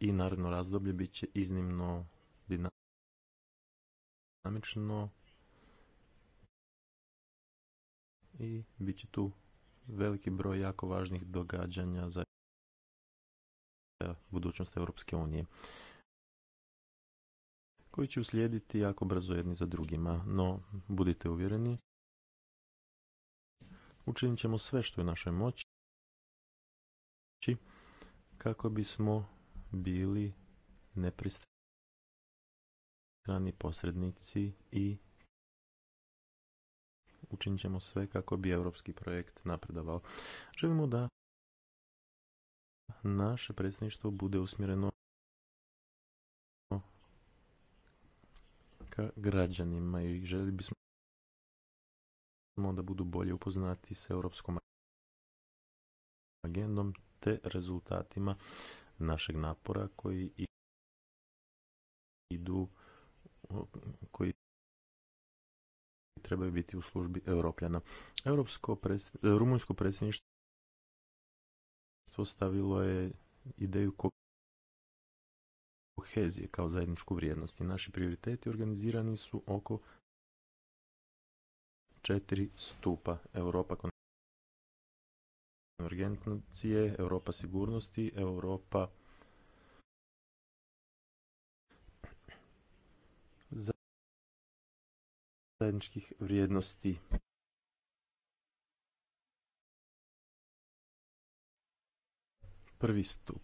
i naredno razdoblje bit će iznimno dinamično i bit će tu veliki broj jako važnih događanja za budućnost Europske unije koji će uslijediti jako brzo jedni za drugima, no budite uvjereni, učinit ćemo sve što je u našoj moći kako bismo bili nepristrani posrednici i učinit ćemo sve kako bi europski projekt napredovao. Želimo da naše predsjedništvo bude usmjereno ka građanima i želi bismo da budu bolje upoznati s europskom agendom te rezultatima našeg napora koji idu koji trebaju biti u službi Europljana. Europsko Rumunjsko predsjedništvo stavilo je ideju kohezije kao zajedničku vrijednost i naši prioriteti organizirani su oko četiri stupa. Europa konvergencije, Europa sigurnosti, Europa zajedničkih vrijednosti prvi stup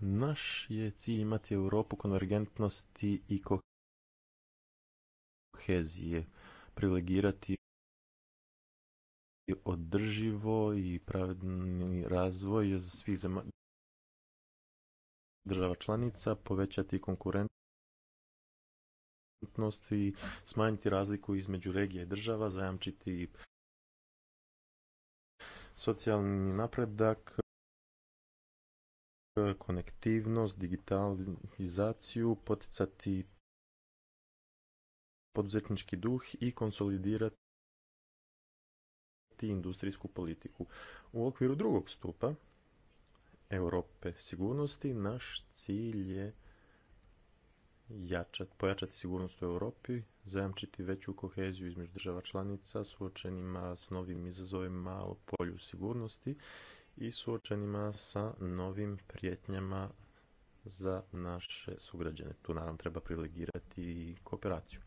naš je cilj imati europu konvergentnosti i kohezije privilegirati održivo i pravedni razvoj svih država članica povećati konkurent i smanjiti razliku između regija i država, zajamčiti socijalni napredak, konektivnost, digitalizaciju, poticati poduzetnički duh i konsolidirati industrijsku politiku. U okviru drugog stupa Europe sigurnosti naš cilj je pojačati sigurnost u Europi, zajamčiti veću koheziju između država članica suočenima s novim izazovima u polju sigurnosti i suočenima sa novim prijetnjama za naše sugrađane. Tu naravno treba privilegirati i kooperaciju.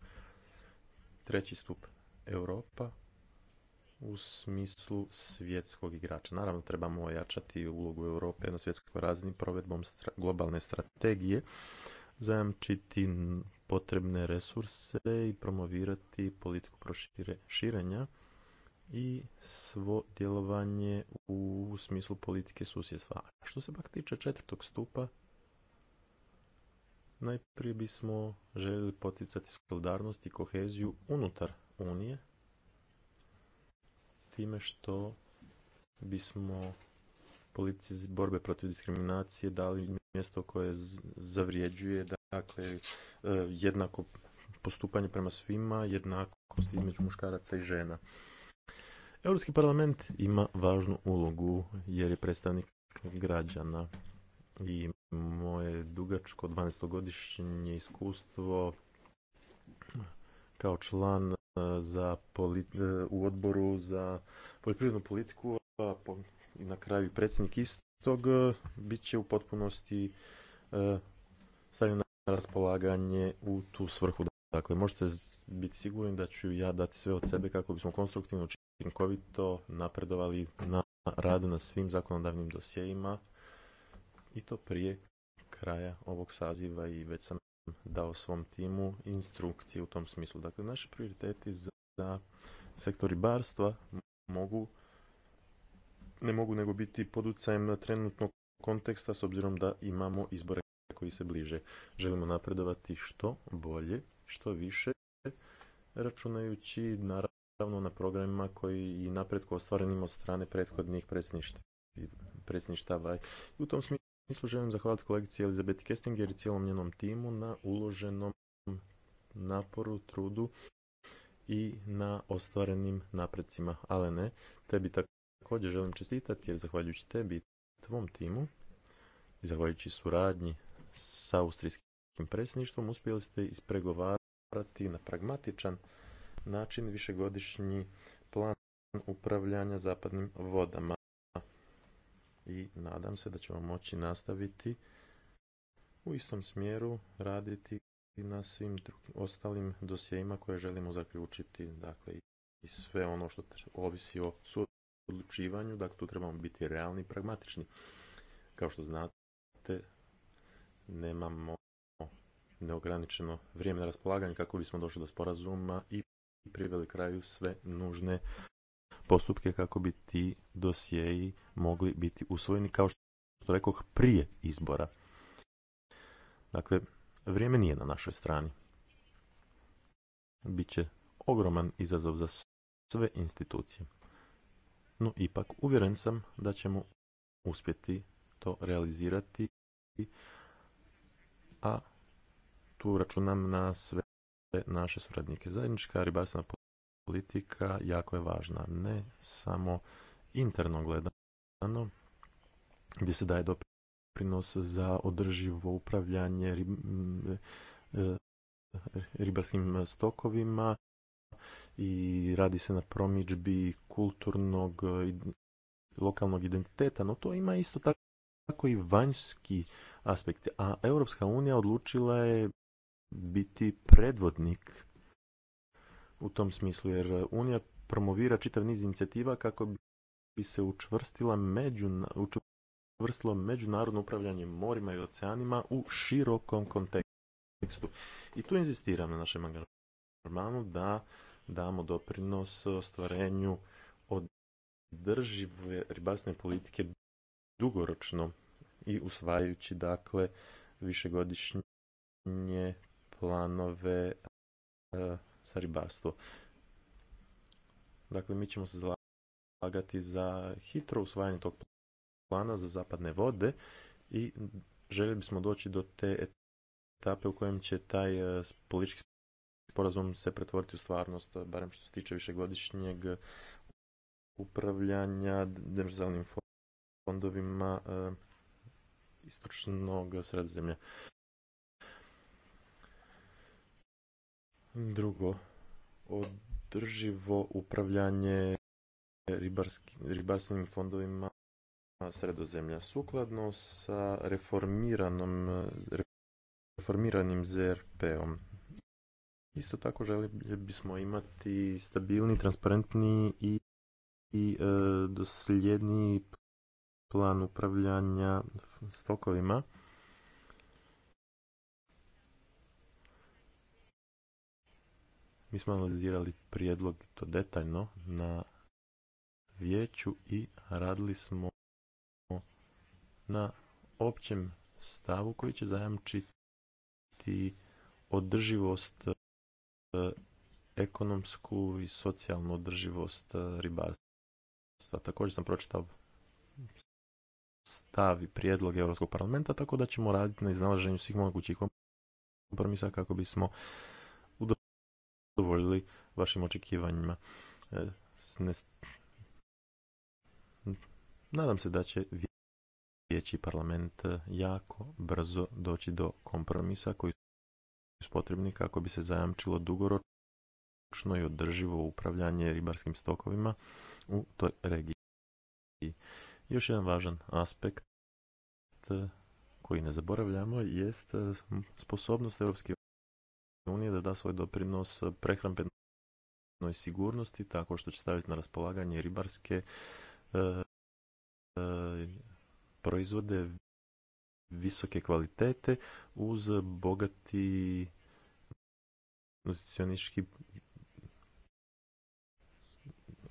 Treći stup Europa u smislu svjetskog igrača. Naravno trebamo ojačati ulogu Europe na svjetskoj razini provedbom globalne strategije zajamčiti potrebne resurse i promovirati politiku proširenja i svo djelovanje u smislu politike susjedstva. što se pak tiče četvrtog stupa, najprije bismo željeli poticati solidarnost i koheziju unutar Unije, time što bismo politici borbe protiv diskriminacije dali mjesto koje zavrijeđuje, dakle, e, jednako postupanje prema svima, jednakost između muškaraca i žena. Europski parlament ima važnu ulogu jer je predstavnik građana i moje dugačko 12-godišnje iskustvo kao član e, za e, u odboru za poljoprivrednu politiku, i na kraju predsjednik istog e, bit će u potpunosti e, stavljen na raspolaganje u tu svrhu. Dakle, možete biti sigurni da ću ja dati sve od sebe kako bismo konstruktivno učinkovito napredovali na radu na svim zakonodavnim dosjejima i to prije kraja ovog saziva i već sam dao svom timu instrukcije u tom smislu. Dakle, naši prioriteti za sektor ribarstva mogu ne mogu nego biti pod utjecajem trenutnog konteksta s obzirom da imamo izbore koji se bliže. Želimo napredovati što bolje, što više, računajući naravno na programima koji i napredko ostvarenim od strane prethodnih predsjedništava. U tom smislu želim zahvaliti kolegici Elizabeti Kestinger i cijelom njenom timu na uloženom naporu, trudu i na ostvarenim napredcima. Ale ne, tebi također želim čestitati jer zahvaljujući tebi i tvom timu i zahvaljujući suradnji s austrijskim predsjedništvom uspjeli ste ispregovarati na pragmatičan način višegodišnji plan upravljanja zapadnim vodama i nadam se da ćemo moći nastaviti u istom smjeru raditi i na svim drugim, ostalim dosjejima koje želimo zaključiti dakle i sve ono što ovisi o odlučivanju, dakle tu trebamo biti realni i pragmatični. Kao što znate, nemamo neograničeno vrijeme na raspolaganju kako bismo došli do sporazuma i priveli kraju sve nužne postupke kako bi ti dosjeji mogli biti usvojeni kao što rekoh prije izbora. Dakle, vrijeme nije na našoj strani. Biće ogroman izazov za sve institucije. No ipak, uvjeren sam da ćemo uspjeti to realizirati, a tu računam na sve naše suradnike. Zajednička ribarstvena politika jako je važna, ne samo interno gledano, gdje se daje doprinos za održivo upravljanje e, ribarskim stokovima, i radi se na promičbi kulturnog i lokalnog identiteta, no to ima isto tako i vanjski aspekt. A Europska unija odlučila je biti predvodnik u tom smislu, jer Unija promovira čitav niz inicijativa kako bi se učvrstila učvrstilo međunarodno upravljanje morima i oceanima u širokom kontekstu. I tu inzistiram na našem angažmanu Normalno da damo doprinos ostvarenju održive ribarstvene politike dugoročno i usvajajući dakle višegodišnje planove sa e, za ribarstvo. Dakle, mi ćemo se zalagati za hitro usvajanje tog plana za zapadne vode i željeli bismo doći do te etape u kojem će taj e, politički sporazum se pretvoriti u stvarnost, barem što se tiče višegodišnjeg upravljanja državnim fondovima e, istočnog sredozemlja. Drugo, održivo upravljanje ribarskim fondovima sredozemlja. Sukladno sa reformiranim ZRP-om, Isto tako željeli bismo imati stabilni, transparentni i, i e, dosljedniji plan upravljanja stokovima. Mi smo analizirali prijedlog to detaljno na vijeću i radili smo na općem stavu koji će zajamčiti održivost E, ekonomsku i socijalnu održivost e, ribarstva. Također sam pročitao stavi prijedlog Europskog parlamenta, tako da ćemo raditi na iznalaženju svih mogućih kompromisa kako bismo udovoljili vašim očekivanjima. E, Nadam se da će vijeći parlament jako brzo doći do kompromisa koji potrebni kako bi se zajamčilo dugoročno i održivo upravljanje ribarskim stokovima u toj regiji. Još jedan važan aspekt e, koji ne zaboravljamo jest e, sposobnost Europske unije da da svoj doprinos prehrambenoj sigurnosti tako što će staviti na raspolaganje ribarske e, proizvode visoke kvalitete uz bogati nutricionički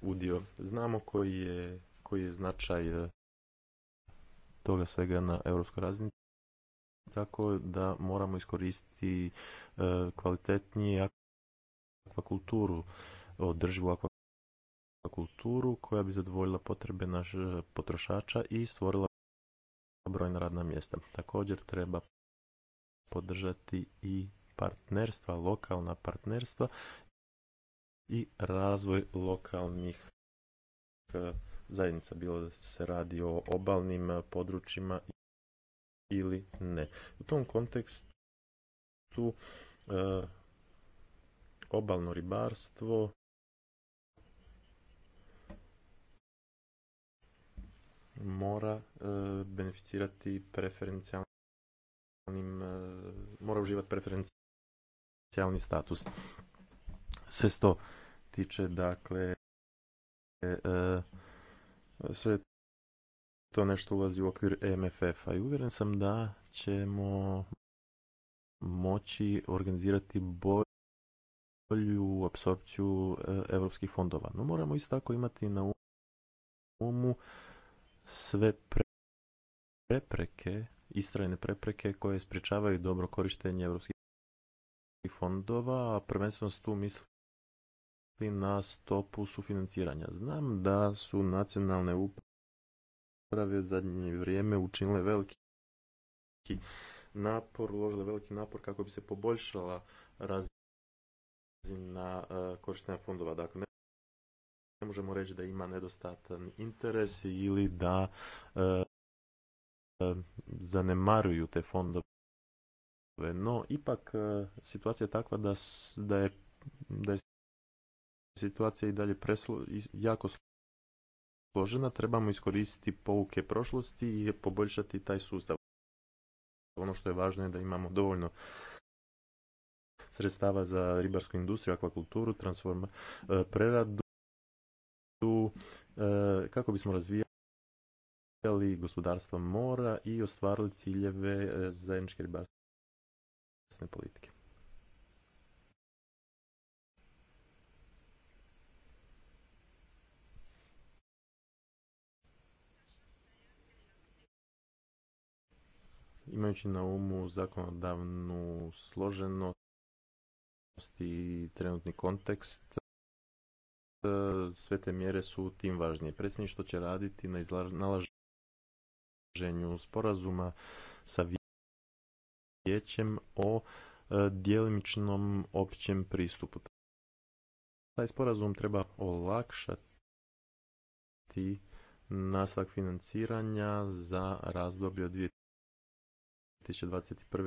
udio. Znamo koji je, koji je značaj eh, toga svega na europskoj razini tako da moramo iskoristiti eh, kvalitetnije akvakulturu, održivu akvakulturu koja bi zadovoljila potrebe naših eh, potrošača i stvorila brojna radna mjesta. Također treba podržati i partnerstva, lokalna partnerstva i razvoj lokalnih e, zajednica, bilo da se radi o obalnim e, područjima ili ne. U tom kontekstu tu e, obalno ribarstvo mora e, beneficirati preferencijalnim, e, mora uživati preferencijalni status. Sve se to tiče, dakle, e, sve to nešto ulazi u okvir mff a i uvjeren sam da ćemo moći organizirati bolju apsorpciju europskih fondova. No moramo isto tako imati na umu sve prepreke, istrajne prepreke koje sprječavaju dobro korištenje europskih fondova, a prvenstveno su tu misli na stopu sufinanciranja. Znam da su nacionalne uprave zadnje vrijeme učinile veliki napor, uložile veliki napor kako bi se poboljšala razina e, korištenja fondova. Dakle, možemo reći da ima nedostatan interes ili da e, e, zanemaruju te fondove. No, ipak e, situacija je takva da, da, je, da je situacija i dalje preslo, jako složena. Trebamo iskoristiti pouke prošlosti i poboljšati taj sustav. Ono što je važno je da imamo dovoljno sredstava za ribarsku industriju, akvakulturu, transforma, preradu Eh, kako bismo razvijali gospodarstvo mora i ostvarili ciljeve eh, zajedničke ribarstvene politike. Imajući na umu zakonodavnu složenost i trenutni kontekst, E, sve te mjere su tim važnije. Predsjedništvo će raditi na nalaženju sporazuma sa vijećem o e, djelimičnom općem pristupu. Taj sporazum treba olakšati nastavak financiranja za razdoblje od 2021. do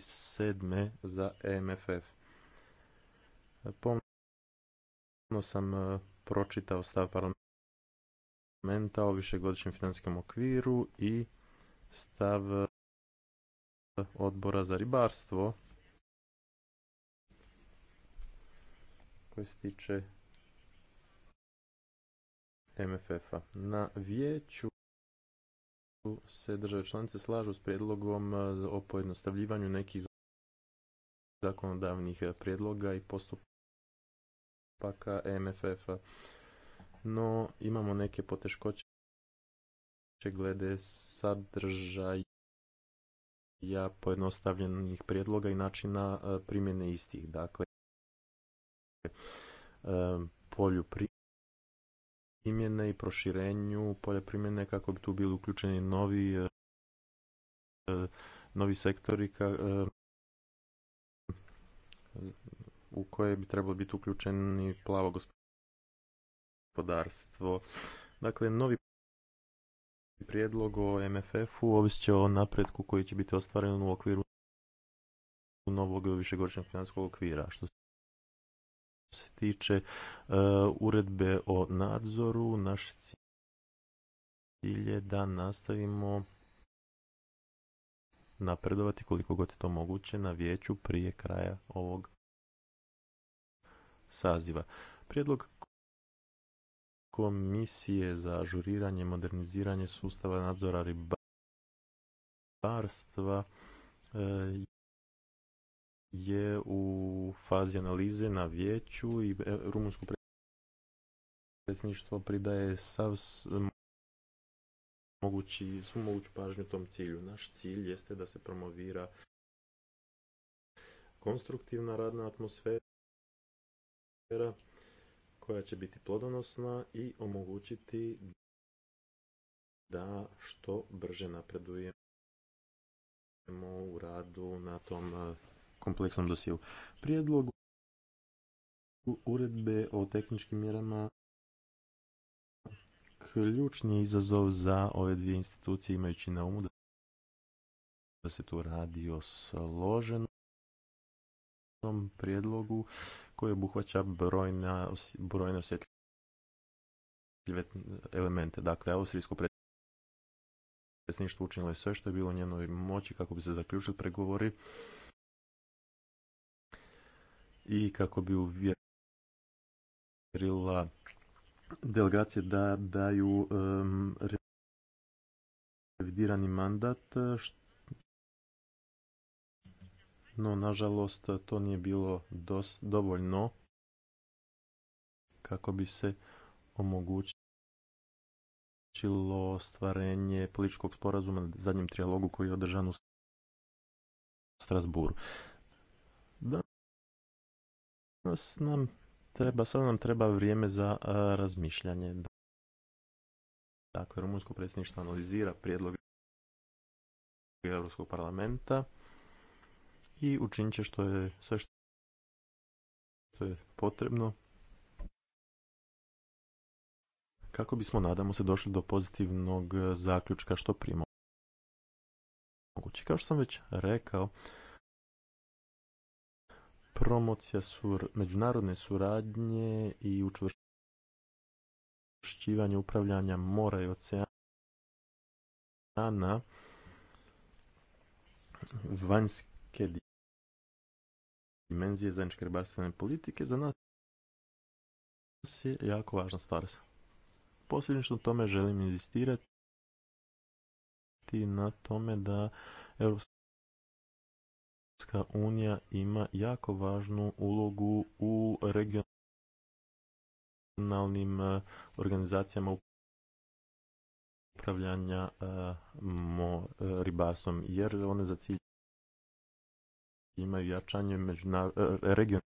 2027. za EMFF. Pomno sam e, pročitao stav parlamenta o višegodišnjem financijskom okviru i stav e, odbora za ribarstvo koji se tiče MFF-a. Na vijeću se države članice slažu s prijedlogom e, o pojednostavljivanju nekih zakonodavnih prijedloga i postupaka paka e MFF-a. No, imamo neke poteškoće glede sadržaja pojednostavljenih prijedloga i načina e, primjene istih. Dakle, e, polju primjene i proširenju polja primjene kako bi tu bili uključeni novi novi sektori u koje bi trebalo biti uključeni plavo gospodarstvo. Dakle, novi prijedlog o MFF-u ovisit će o napretku koji će biti ostvaren u okviru novog višegodišnjeg financijskog okvira. Što se tiče e, uredbe o nadzoru, naš cilj je da nastavimo napredovati koliko god je to moguće na vijeću prije kraja ovog saziva. Prijedlog komisije za ažuriranje i moderniziranje sustava nadzora ribarstva eh, je u fazi analize na vijeću i eh, rumunsko predsjedništvo pridaje sav mogući, svu moguću pažnju tom cilju. Naš cilj jeste da se promovira konstruktivna radna atmosfera koja će biti plodonosna i omogućiti da što brže napredujemo u radu na tom e, kompleksnom dosjeu. Prijedlog uredbe o tehničkim mjerama ključni izazov za ove dvije institucije imajući na umu da se tu radi o složenom prijedlogu koji obuhvaća brojna, brojne osjetljive elemente. Dakle, austrijsko predsjedništvo učinilo je sve što je bilo u njenoj moći kako bi se zaključili pregovori i kako bi uvjerila delegacije da daju revidirani mandat što no nažalost to nije bilo dos dovoljno kako bi se omogućilo ostvarenje političkog sporazuma na zadnjem trijalogu koji je održan u Strasburu. Danas nam treba, sad nam treba vrijeme za razmišljanje. Dakle, rumunsko predsjedništvo analizira prijedlog Europskog parlamenta i učinit će što je sve što je potrebno kako bismo nadamo se došli do pozitivnog e, zaključka što prima moguće. Kao što sam već rekao, promocija sur, međunarodne suradnje i učvršćivanje upravljanja mora i oceana vanjske dimenzije zajedničke ribarstvene politike za nas je jako važna stvar. Posljednično tome želim inzistirati na tome da Europska unija ima jako važnu ulogu u regionalnim e, organizacijama upravljanja e, e, ribarstvom, jer one za cilj imaju jačanje e, regionalne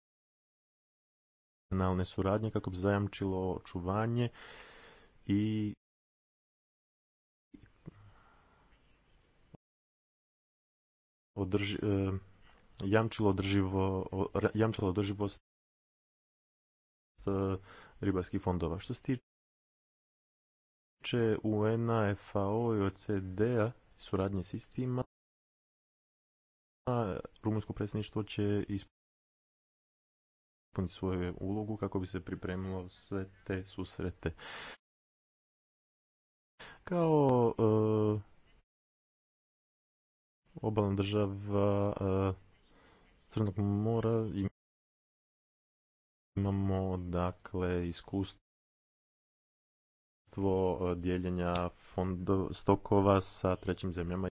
suradnje kako bi zajamčilo očuvanje i e, jamčilo, održivost e, ribarskih fondova. Što se tiče un FAO i OCD-a, suradnje s rumunsko predsjedništvo će ispuniti svoju ulogu kako bi se pripremilo sve te susrete. Kao uh, obalna država e, Crnog mora imamo dakle iskustvo e, dijeljenja fondo stokova sa trećim zemljama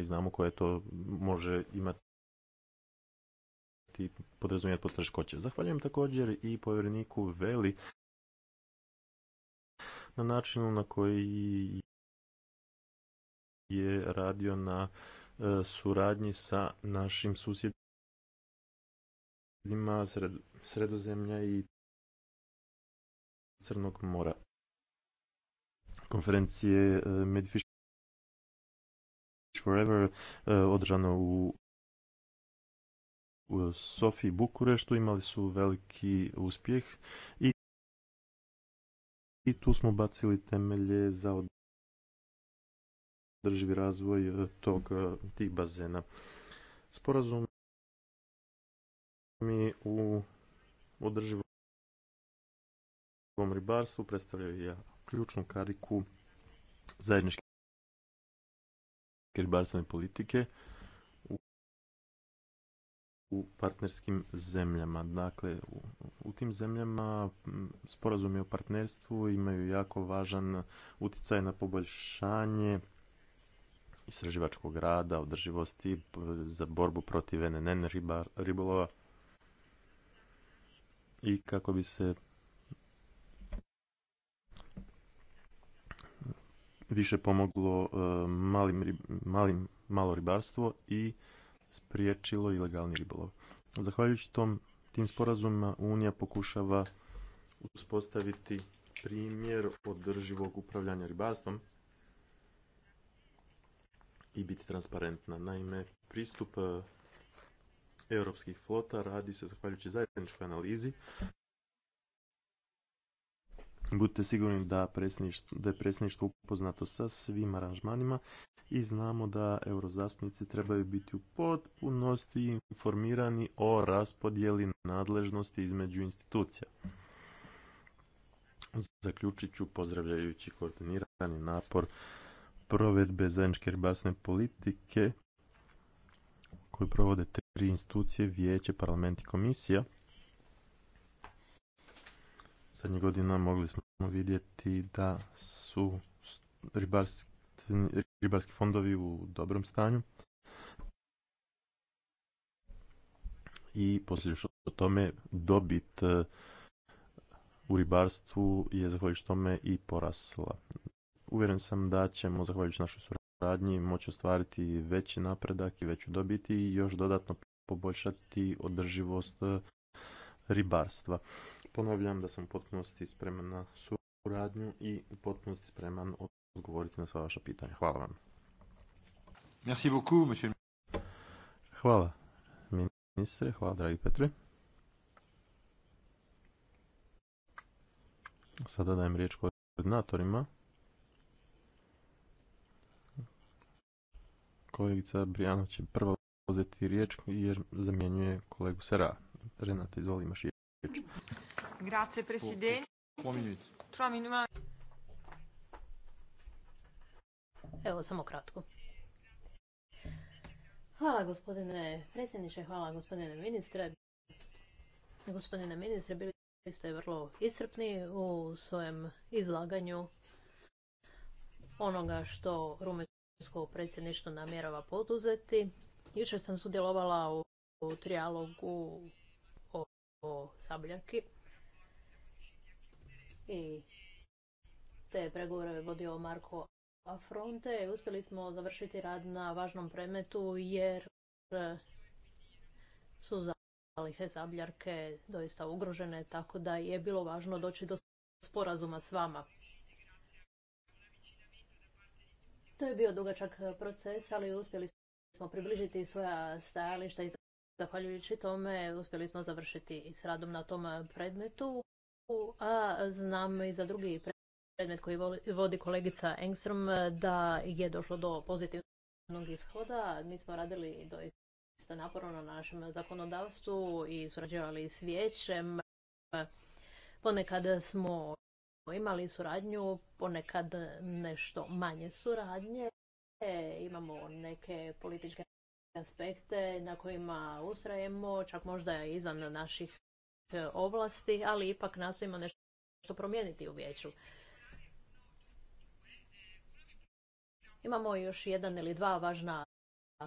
i znamo koje to može imati podrazumijati poteškoće. Zahvaljujem također i povjereniku Veli na načinu na koji je radio na e, suradnji sa našim susjedima Sredozemlja i Crnog mora. Konferencije e, Medfish Forever e, održano u u Sofiji Bukureštu imali su veliki uspjeh i i tu smo bacili temelje za održivi razvoj e, tog, e, tih bazena. Sporazum mi u održivom ribarstvu predstavljaju ključnu kariku zajedničke ribarstvene politike u partnerskim zemljama. Dakle, u, tim zemljama sporazumi o partnerstvu imaju jako važan utjecaj na poboljšanje istraživačkog rada, održivosti za borbu protiv NNN ribolova i kako bi se više pomoglo e, malim, malo ribarstvo i spriječilo ilegalni ribolov. Zahvaljujući tom, tim sporazumima Unija pokušava uspostaviti primjer održivog upravljanja ribarstvom i biti transparentna. Naime, pristup e, europskih flota radi se zahvaljujući zajedničkoj analizi Budite sigurni da, da je predsjedništvo upoznato sa svim aranžmanima i znamo da eurozastupnici trebaju biti u potpunosti informirani o raspodjeli nadležnosti između institucija. Zaključit ću pozdravljajući koordinirani napor provedbe zajedničke ribarstvene politike koju provode tri institucije, vijeće, parlament i komisija zadnjih godina mogli smo vidjeti da su ribarski, fondovi u dobrom stanju. I poslije što o tome dobit e, u ribarstvu je zahvaljujući tome i porasla. Uvjeren sam da ćemo zahvaljujući našoj suradnji moći ostvariti veći napredak i veću dobiti i još dodatno poboljšati održivost e, ribarstva ponavljam da sam u potpunosti spreman na suradnju i u potpunosti spreman odgovoriti na sva vaša pitanja. Hvala vam. Merci beaucoup, monsieur. Hvala, ministre. Hvala, dragi Petre. Sada dajem riječ koordinatorima. Kolegica Brijano će prvo uzeti riječ jer zamjenjuje kolegu Sera. Renata, izvoli, imaš Grazie Presidente. Evo, samo kratko. Hvala gospodine predsjedniče, hvala gospodine ministre. Gospodine ministre, bili ste vrlo iscrpni u svojem izlaganju onoga što rumensko predsjedništvo namjerava poduzeti. Jučer sam sudjelovala u, u trijalogu o Sabljaki. I te pregovore je vodio Marko Afronte. Uspjeli smo završiti rad na važnom predmetu jer e, su zalihe sabljarke doista ugrožene, tako da je bilo važno doći do sporazuma s vama. To je bio dugačak proces, ali uspjeli smo približiti svoja stajališta i Zahvaljujući tome uspjeli smo završiti s radom na tom predmetu, a znam i za drugi predmet koji vodi kolegica Engstrom da je došlo do pozitivnog ishoda. Mi smo radili doista naporno na našem zakonodavstvu i surađivali s vijećem. Ponekad smo imali suradnju, ponekad nešto manje suradnje. Imamo neke političke aspekte na kojima ustrajemo, čak možda i izvan naših e, ovlasti, ali ipak nastojimo nešto promijeniti u vijeću. Imamo još jedan ili dva važna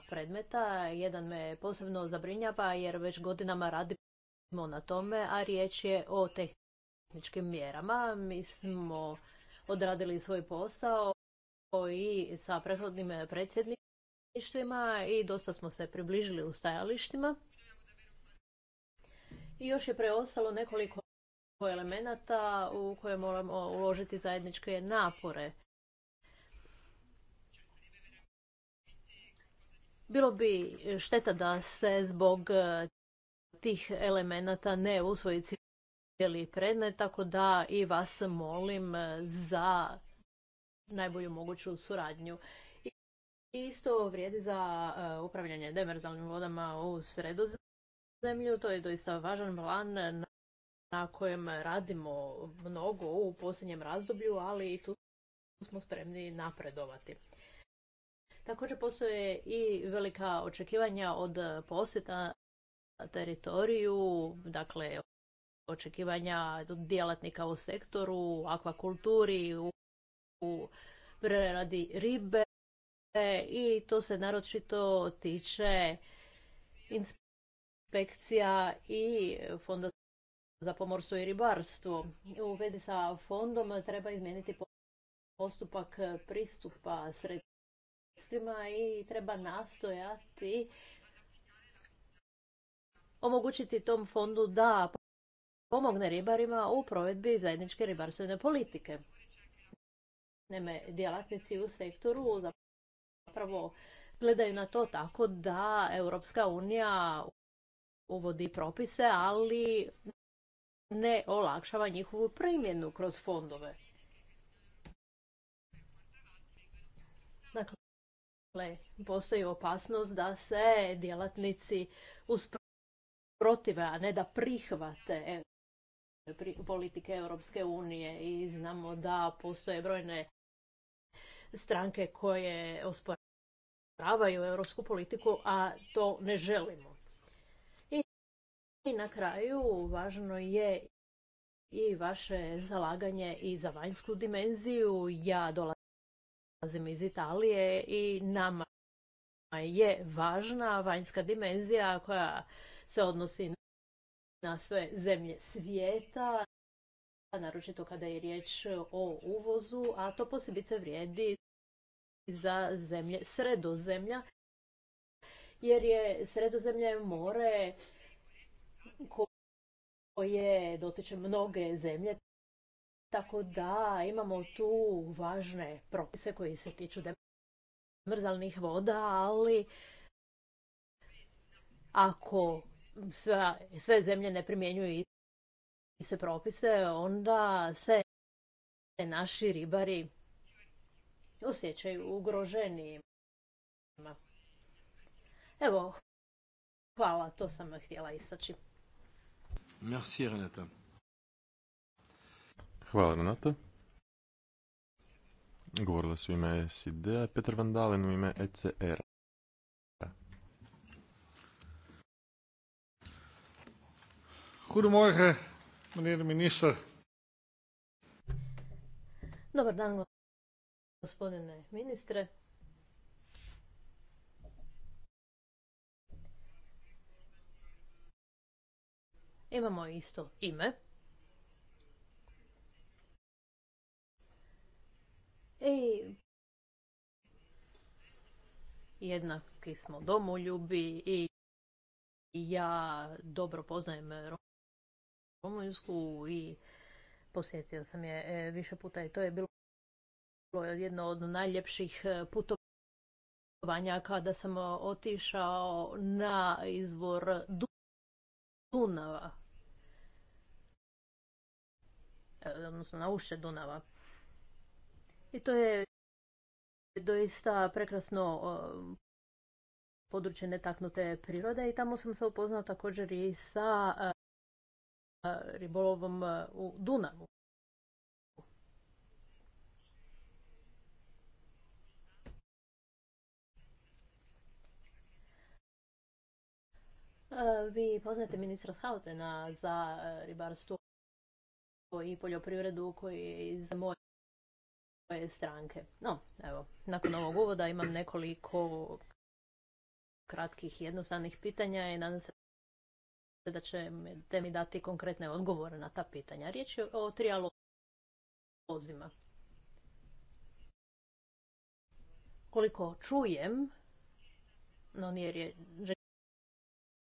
predmeta. Jedan me posebno zabrinjava jer već godinama radimo na tome, a riječ je o tehničkim mjerama. Mi smo odradili svoj posao i sa prethodnim predsjednikom i dosta smo se približili u stajalištima. I još je preostalo nekoliko elemenata u koje moramo uložiti zajedničke napore. Bilo bi šteta da se zbog tih elemenata ne usvoji cijeli predmet, tako da i vas molim za najbolju moguću suradnju. Isto vrijedi za e, upravljanje demerzalnim vodama u sredozemlju. To je doista važan plan na kojem radimo mnogo u posljednjem razdoblju, ali i tu smo spremni napredovati. Također postoje i velika očekivanja od posjeta teritoriju, dakle očekivanja djelatnika u sektoru, u akvakulturi, u preradi ribe, i to se naročito tiče inspekcija i fonda za pomorstvo i ribarstvo. U vezi sa fondom treba izmijeniti postupak pristupa sredstvima i treba nastojati omogućiti tom fondu da pomogne ribarima u provedbi zajedničke ribarstvene politike. Naime, djelatnici u sektoru zapravo gledaju na to tako da Europska unija uvodi propise, ali ne olakšava njihovu primjenu kroz fondove. Dakle, postoji opasnost da se djelatnici usprotive, a ne da prihvate politike Europske unije i znamo da postoje brojne stranke koje osporavaju prava europsku politiku, a to ne želimo. I na kraju važno je i vaše zalaganje i za vanjsku dimenziju. Ja dolazim iz Italije i nama je važna vanjska dimenzija koja se odnosi na sve zemlje svijeta, naročito kada je riječ o uvozu, a to posebice vrijedi za zemlje sredozemlja, jer je sredozemlje more koje dotiče mnoge zemlje, tako da imamo tu važne propise koji se tiču mrzalnih voda, ali ako sve, sve zemlje ne primjenjuju i se propise, onda se naši ribari osjećaju ugroženijima. Evo, hvala, to sam htjela isaći. Merci, Renata. Hvala, Renata. Govorila su ime SID-a, Petar Vandalen u ime ECR. E Goedemorgen, meneer de minister. Dobar dan, Gospodine ministre, imamo isto ime. I jednaki smo domoljubi i ja dobro poznajem Rumunjsku i posjetio sam je e, više puta i to je bilo jedno od najljepših e, putovanja kada sam e, otišao na izvor Dunava. E, odnosno na ušće Dunava. I to je doista prekrasno područje netaknute prirode i tamo sam se upoznao također i sa ribolovom u Dunavu. E, vi poznate ministra Schautena za e, ribarstvo i poljoprivredu koji je iz moje stranke. No, evo, nakon ovog uvoda imam nekoliko kratkih jednostavnih pitanja i nadam se da ćete mi dati konkretne odgovore na ta pitanja. Riječ je o trijalozima. Koliko čujem, no nije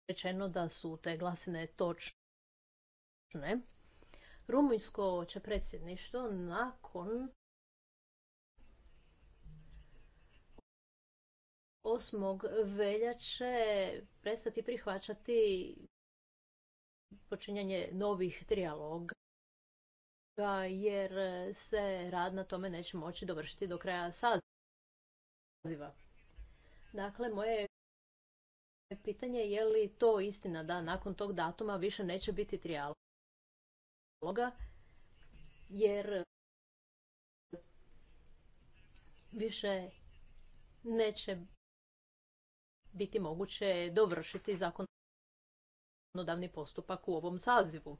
rečeno da su te glasine točne. Rumunjsko će predsjedništvo nakon 8. veljače prestati prihvaćati počinjanje novih trialoga, jer se rad na tome neće moći dovršiti do kraja saziva. Dakle, moje Pitanje je li to istina da nakon tog datuma više neće biti trijaloga, jer više neće biti moguće dovršiti zakonodavni postupak u ovom sazivu.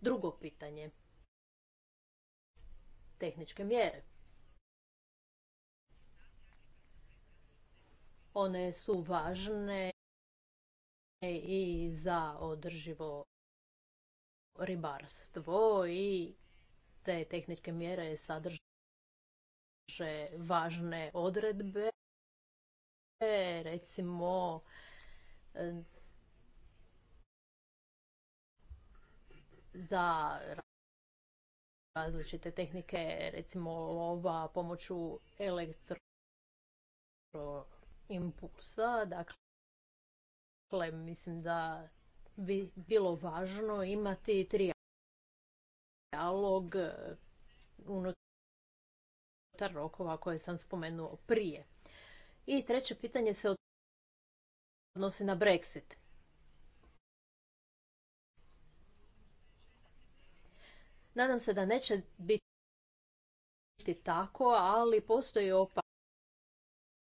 Drugo pitanje. Tehničke mjere. One su važne i za održivo ribarstvo i te tehničke mjere sadrže važne odredbe. Recimo, za različite tehnike, recimo lova pomoću elektro impulsa. Dakle, mislim da bi bilo važno imati trijalog e, unutar rokova koje sam spomenuo prije. I treće pitanje se odnosi na Brexit. Nadam se da neće biti tako, ali postoji opa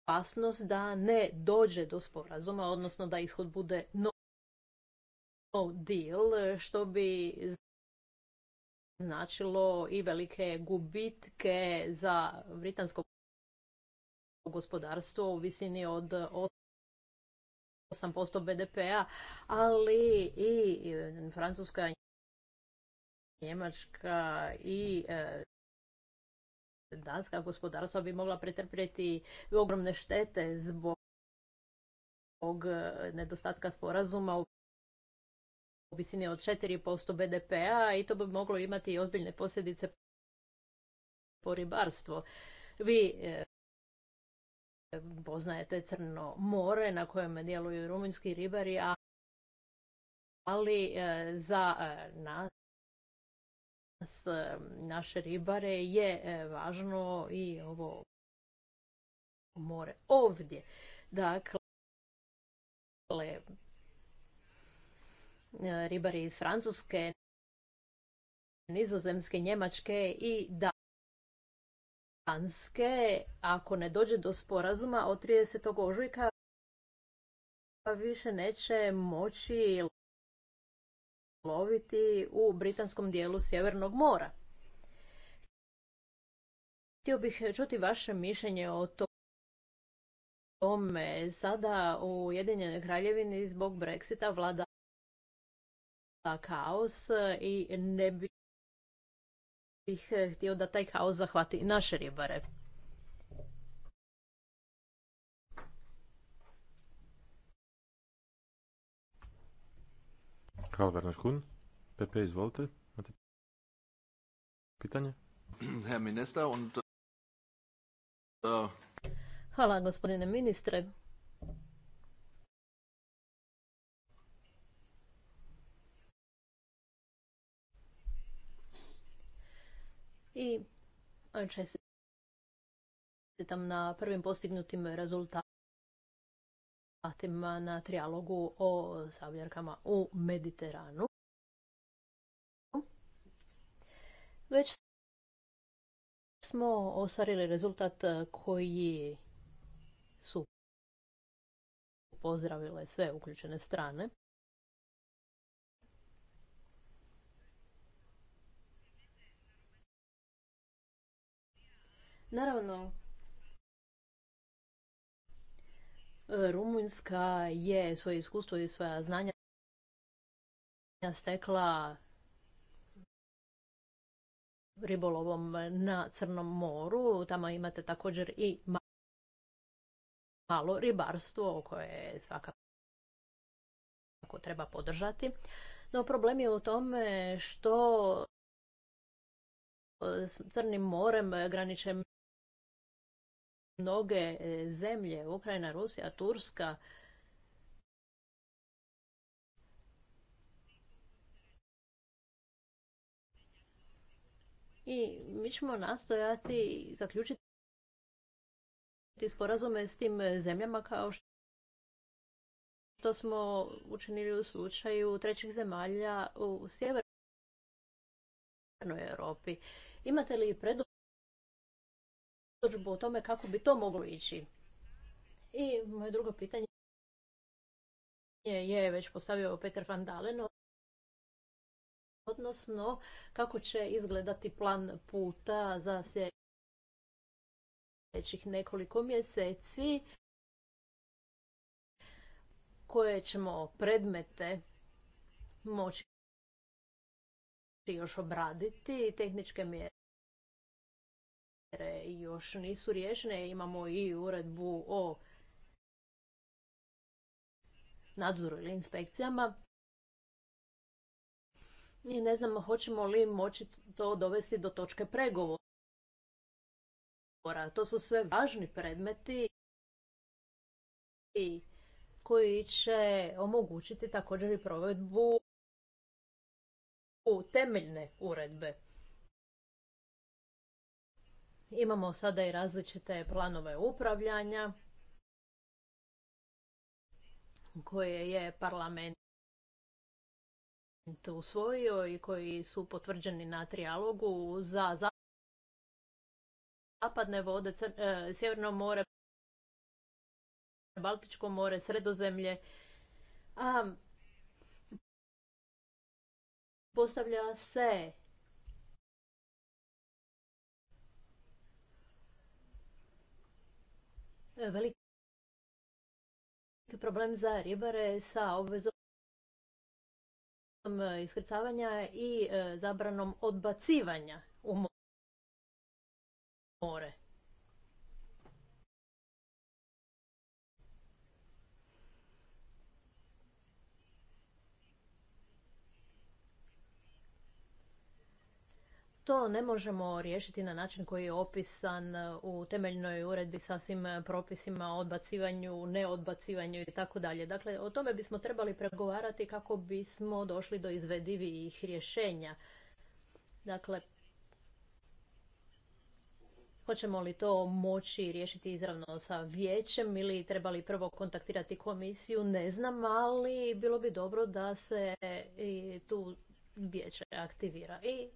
opasnost da ne dođe do sporazuma, odnosno da ishod bude no deal, što bi značilo i velike gubitke za britansko gospodarstvo u visini od 8% BDP-a, ali i Francuska, Njemačka i e, danska gospodarstva bi mogla pretrpjeti ogromne štete zbog e, nedostatka sporazuma u visini od 4% BDP-a i to bi moglo imati ozbiljne posljedice po ribarstvo. Vi e, poznajete Crno more na kojem djeluju rumunjski ribari, ali e, za nas s naše ribare je e, važno i ovo more ovdje. Dakle, e, ribari iz Francuske, Nizozemske, Njemačke i Danske, ako ne dođe do sporazuma od 30. ožujka, više neće moći loviti u britanskom dijelu Sjevernog mora. Htio bih čuti vaše mišljenje o tome. Sada u Ujedinjenoj kraljevini zbog Brexita vlada kaos i ne bih htio da taj kaos zahvati naše ribare. Hvala Bernard Kuhn. Pepe, izvolite. pitanje? Herr Minister, und... Äh, Hvala gospodine ministre. I ovaj, čestitam na prvim postignutim rezultatima na trijalogu o sabljarkama u Mediteranu. Već smo ostvarili rezultat koji su pozdravile sve uključene strane. Naravno, E, Rumunjska je svoje iskustvo i svoja znanja stekla ribolovom na Crnom moru. Tamo imate također i malo ribarstvo koje svakako treba podržati. No problem je u tome što Crnim morem graničem mnoge e, zemlje, Ukrajina, Rusija, Turska, I mi ćemo nastojati zaključiti sporazume s tim zemljama kao što smo učinili u slučaju trećih zemalja u sjevernoj Europi. Imate li predu odlučbu o tome kako bi to moglo ići. I moje drugo pitanje je već postavio Peter van Dalen, odnosno kako će izgledati plan puta za sljedećih nekoliko mjeseci, koje ćemo predmete moći još obraditi, tehničke mjere još nisu riješene. Imamo i uredbu o nadzoru ili inspekcijama. I ne znam hoćemo li moći to dovesti do točke pregovora. To su sve važni predmeti koji će omogućiti također i provedbu u temeljne uredbe. Imamo sada i različite planove upravljanja koje je parlament usvojio i koji su potvrđeni na trijalogu za zapadne vode, e, Sjeverno more, Baltičko more, Sredozemlje. A, postavlja se veliki problem za ribare sa obvezom um, iskrcavanja i uh, zabranom odbacivanja u more. to ne možemo riješiti na način koji je opisan e, u temeljnoj uredbi sa svim e, propisima o odbacivanju, neodbacivanju i tako dalje. Dakle, o tome bismo trebali pregovarati kako bismo došli do izvedivijih rješenja. Dakle, Hoćemo li to moći riješiti izravno sa vijećem ili trebali prvo kontaktirati komisiju, ne znam, ali bilo bi dobro da se i tu vijeće aktivira. I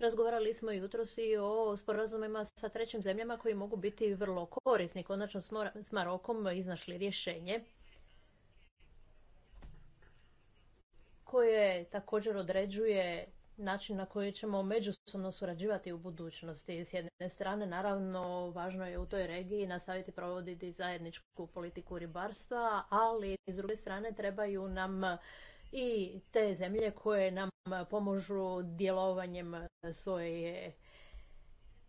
Razgovarali smo jutros i o sporazumima sa trećim zemljama koji mogu biti vrlo korisni. Konačno smo s Marokom iznašli rješenje koje također određuje način na koji ćemo međusobno surađivati u budućnosti. S jedne strane, naravno, važno je u toj regiji nastaviti provoditi zajedničku politiku ribarstva, ali s druge strane trebaju nam i te zemlje koje nam pomožu djelovanjem svoje e,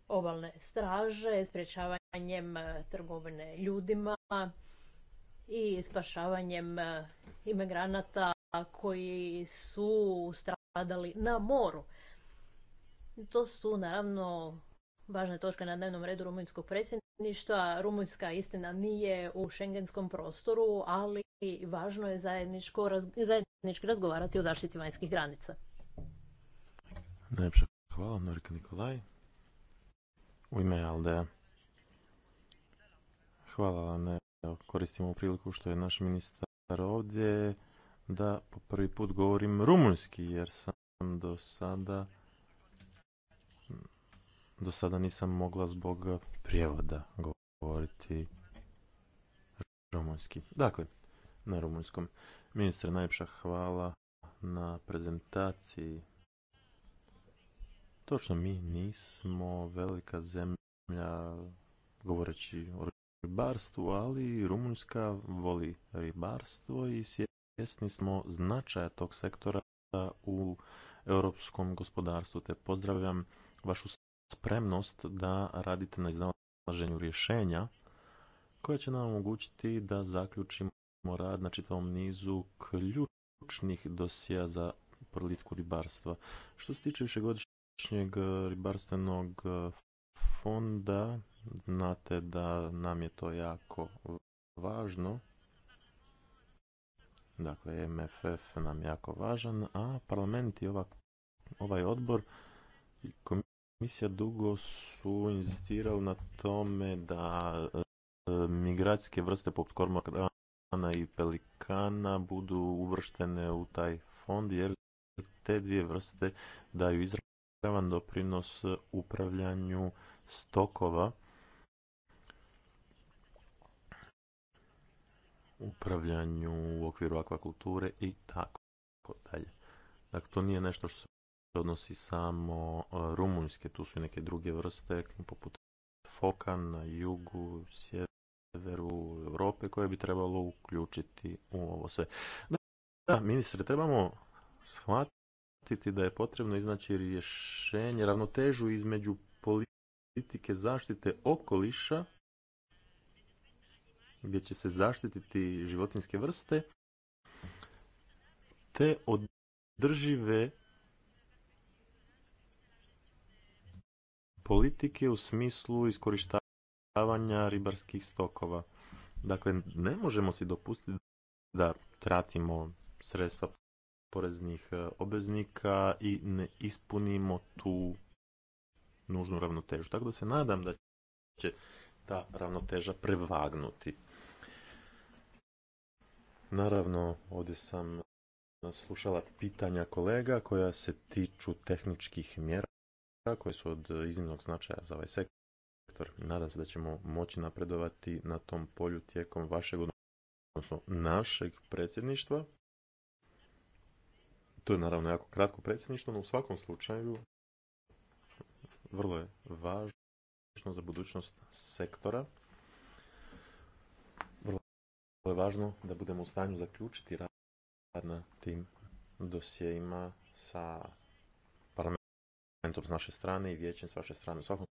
obalne straže, sprječavanjem trgovine ljudima i spašavanjem imigranata koji su stradali na moru. To su naravno važne točke na dnevnom redu rumunjskog ništa rumunjska istina nije u šengenskom prostoru, ali važno je zajedničko, zajednički razgovarati o zaštiti vanjskih granica. hvala, Norika Nikolaj. U ime Aldea. Hvala vam. Koristimo priliku što je naš ministar ovdje da po prvi put govorim rumunjski, jer sam do sada do sada nisam mogla zbog prijevoda govoriti rumunjski. Dakle, na rumunjskom. Ministre, najljepša hvala na prezentaciji. Točno, mi nismo velika zemlja govoreći o ribarstvu, ali Rumunjska voli ribarstvo i svjesni smo značaja tog sektora u europskom gospodarstvu, te pozdravljam vašu spremnost da radite na iznalaženju rješenja koja će nam omogućiti da zaključimo rad na čitavom nizu ključnih dosija za politiku ribarstva. Što se tiče višegodišnjeg ribarstvenog fonda, znate da nam je to jako važno. Dakle, MFF nam je jako važan, a parlament i ovaj odbor i Komisija dugo su insistirao na tome da e, migracijske vrste poput kormorana i pelikana budu uvrštene u taj fond jer te dvije vrste daju izravan doprinos upravljanju stokova upravljanju u okviru akvakulture i tako dalje. Dakle, to nije nešto što odnosi samo e, rumunjske, tu su i neke druge vrste, poput foka na jugu, sjeveru Europe, koje bi trebalo uključiti u ovo sve. Da, da ministre, trebamo shvatiti da je potrebno iznaći rješenje, ravnotežu između politike zaštite okoliša, gdje će se zaštititi životinske vrste, te održive politike u smislu iskorištavanja ribarskih stokova. Dakle, ne možemo si dopustiti da tratimo sredstva poreznih e, obveznika i ne ispunimo tu nužnu ravnotežu. Tako da se nadam da će ta ravnoteža prevagnuti. Naravno, ovdje sam slušala pitanja kolega koja se tiču tehničkih mjera koje su od iznimnog značaja za ovaj sektor. Nadam se da ćemo moći napredovati na tom polju tijekom vašeg, odnosno našeg predsjedništva. To je naravno jako kratko predsjedništvo, no u svakom slučaju vrlo je važno za budućnost sektora. Vrlo je važno da budemo u stanju zaključiti rad na tim dosjejima sa s naše strane i vijećem s vaše strane. U svakom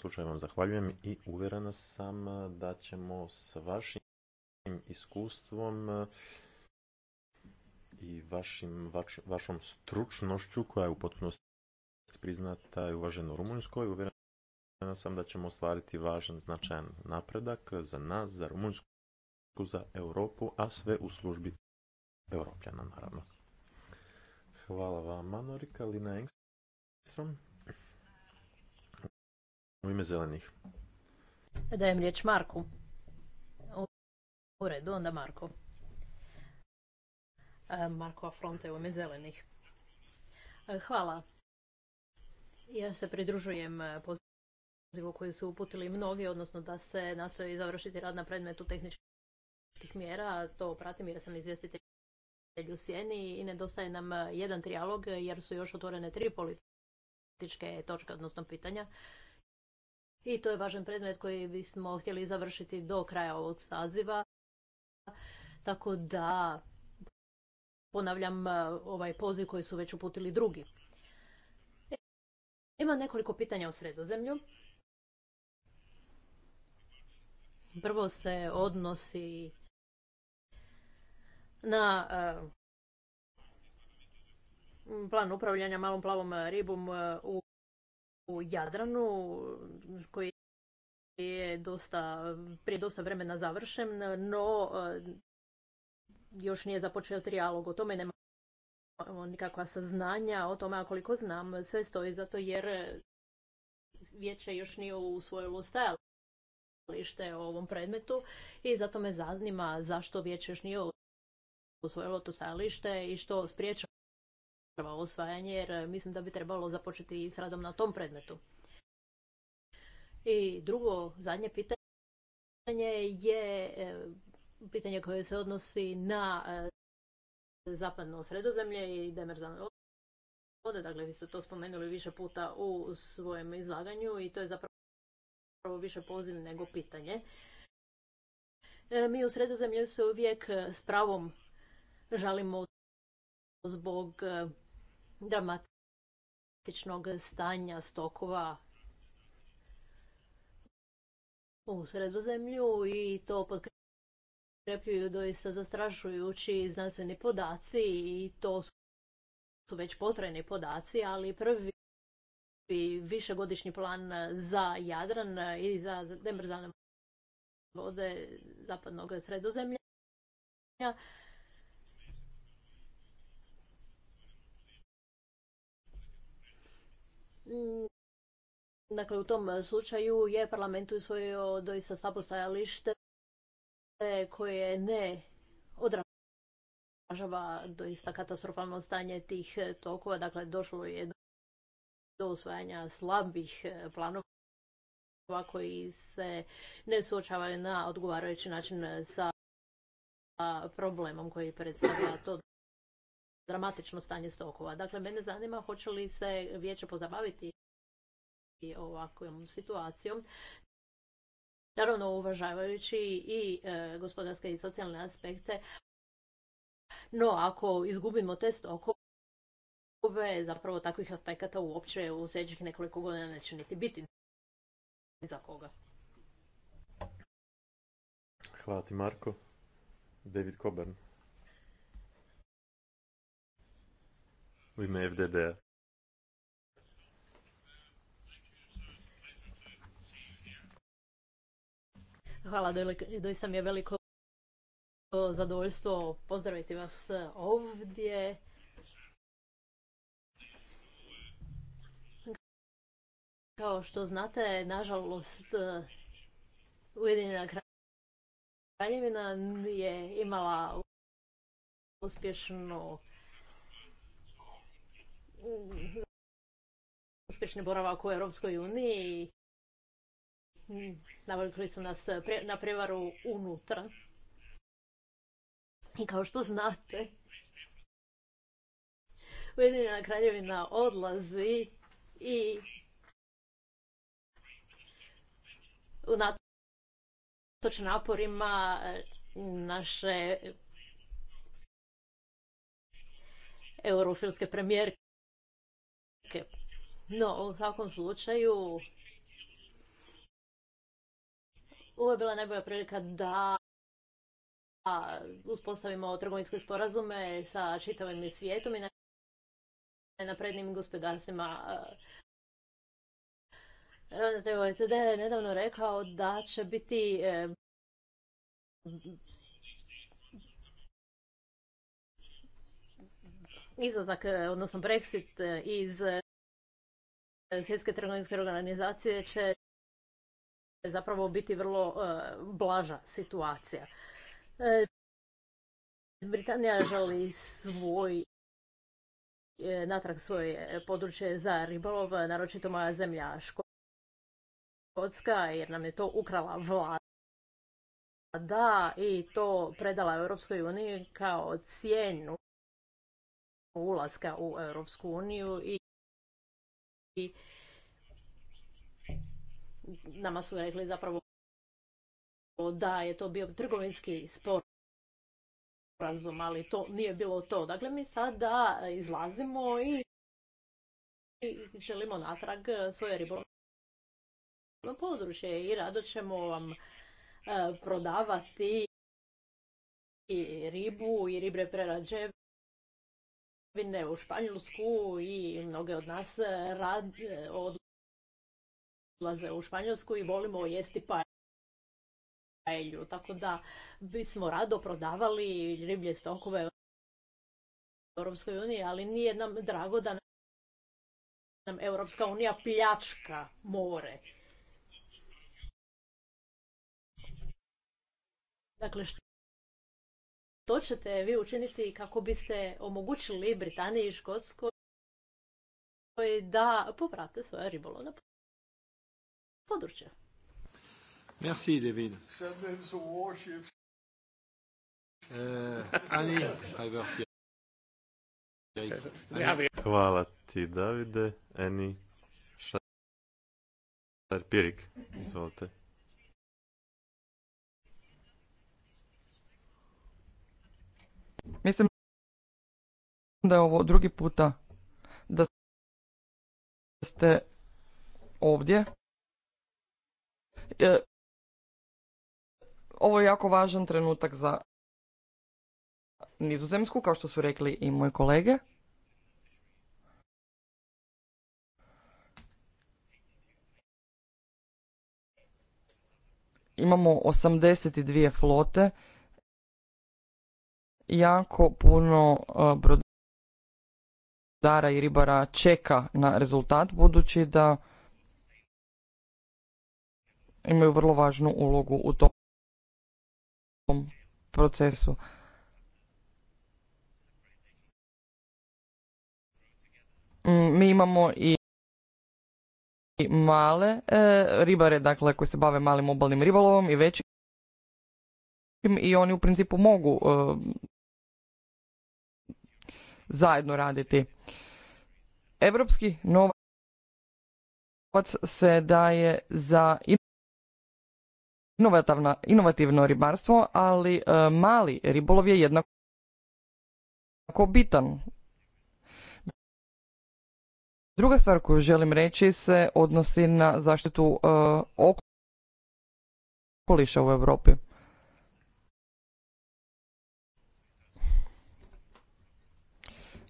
slučaju vam zahvaljujem i uvjerena sam da ćemo s vašim iskustvom i vašom stručnošću koja je u potpunosti priznata i uvažena u Rumunjskoj. Uvjerena sam da ćemo ostvariti važan, značajan napredak za nas, za Rumunjsku, za Europu, a sve u službi Europljana, naravno. Hvala vam, Manorika, Lina Engst. U ime zelenih. Dajem riječ Marku. U redu, onda Marko. E, Marko Afronte u ime zelenih. E, hvala. Ja se pridružujem pozivu koji su uputili mnogi, odnosno da se nastoji završiti rad na predmetu tehničkih mjera. To pratim jer sam izvjestitelj u Sjeni i nedostaje nam jedan trijalog jer su još otvorene tri politike političke točke, odnosno pitanja. I to je važan predmet koji bismo htjeli završiti do kraja ovog saziva. Tako da ponavljam e, ovaj poziv koji su već uputili drugi. E, ima nekoliko pitanja o sredozemlju. Prvo se odnosi na e, plan upravljanja malom plavom ribom e, u, Jadranu koji je dosta, prije dosta vremena završen, no e, još nije započeo trijalog o tome, nema nikakva saznanja o tome, a koliko znam, sve stoji zato jer vijeće još nije usvojilo stajalište o ovom predmetu i zato me zanima zašto vijeće još nije usvojilo to stajalište i što spriječa usvajanje jer e, mislim da bi trebalo započeti i s radom na tom predmetu. I drugo, zadnje pitanje je e, pitanje koje se odnosi na e, zapadno sredozemlje i demerzalne vode. Dakle, vi ste to spomenuli više puta u svojem izlaganju i to je zapravo više poziv nego pitanje. Mi u sredozemlju se uvijek s pravom žalimo zbog dramatičnog stanja stokova u sredozemlju i to potkrepljuju doista zastrašujući znanstveni podaci i to su već potrajni podaci, ali prvi višegodišnji plan za Jadran i za demerzalne vode zapadnog sredozemlja Dakle, u tom slučaju je parlament usvojio doista slabo koje ne odražava doista katastrofalno stanje tih tokova. Dakle, došlo je do usvajanja slabih e, planova koji se ne suočavaju na odgovarajući način sa problemom koji predstavlja to dramatično stanje stokova. Dakle, mene zanima hoće li se vijeće pozabaviti ovakvom situacijom. Naravno, uvažavajući i e, gospodarske i socijalne aspekte. No, ako izgubimo te stokove, zapravo takvih aspekata uopće u sljedećih nekoliko godina neće niti biti za koga. Hvala ti, Marko. David Coburn. u ime FDD-a. Hvala, doista mi je veliko zadovoljstvo pozdraviti vas ovdje. Kao što znate, nažalost, Ujedinjena kraljevina je imala uspješnu uspješni boravak u Europskoj uniji. navikli su nas na prevaru unutra. I kao što znate, Ujedinjena kraljevina odlazi i u naporima e, naše eurofilske premijerke no, u svakom slučaju, ovo je bila najbolja prilika da uspostavimo trgovinske sporazume sa čitavim svijetom i naprednim gospodarstvima. Ravnatelj OECD je nedavno rekao da će biti e, izlazak, e, odnosno Brexit e, iz e, svjetske trgovinske organizacije će zapravo biti vrlo blaža situacija. Britanija želi svoj natrag svoje područje za ribolov, naročito moja zemlja Škotska, jer nam je to ukrala vlada i to predala Europskoj uniji kao cijenu ulaska u Europsku uniju i, nama su rekli zapravo da je to bio trgovinski sporazum, ali to nije bilo to. Dakle, mi sada izlazimo i, želimo natrag svoje ribolovno područje i rado ćemo vam e, prodavati i ribu i ribre prerađeve ne u Španjolsku i mnoge od nas eh, rad, eh, odlaze u Španjolsku i volimo jesti paelju. Tako da bismo rado prodavali riblje stokove u Europskoj uniji, ali nije nam drago da nam Europska unija pljačka more. Dakle, što to ćete vi učiniti kako biste omogućili Britaniji i Škotskoj da poprate svoje ribolovna područja. Merci, eh, Hvala ti, Davide. Eni Pirik, izvolite. Mislim da je ovo drugi puta da ste ovdje. E, ovo je jako važan trenutak za nizozemsku, kao što su rekli i moji kolege. Imamo 82 flote jako puno e, brodara i ribara čeka na rezultat budući da imaju vrlo važnu ulogu u tom procesu. Mm, mi imamo i male e, ribare, dakle koji se bave malim obalnim ribolovom i većim i oni u principu mogu e, zajedno raditi. Evropski novac se daje za inovativno ribarstvo, ali e, mali ribolov je jednako bitan. Druga stvar koju želim reći se odnosi na zaštitu e, okoliša u Europi.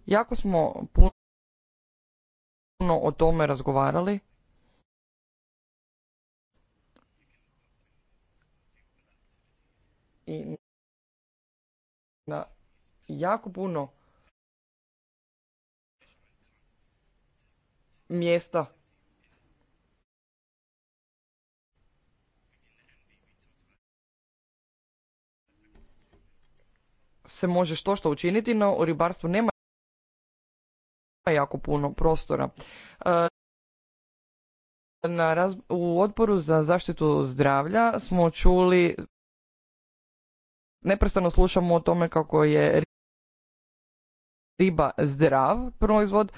Jako smo puno o tome razgovarali. I na jako puno mjesta se može što što učiniti, no u ribarstvu nema jako puno prostora. E, na u odboru za zaštitu zdravlja smo čuli, neprestano slušamo o tome kako je riba zdrav proizvod.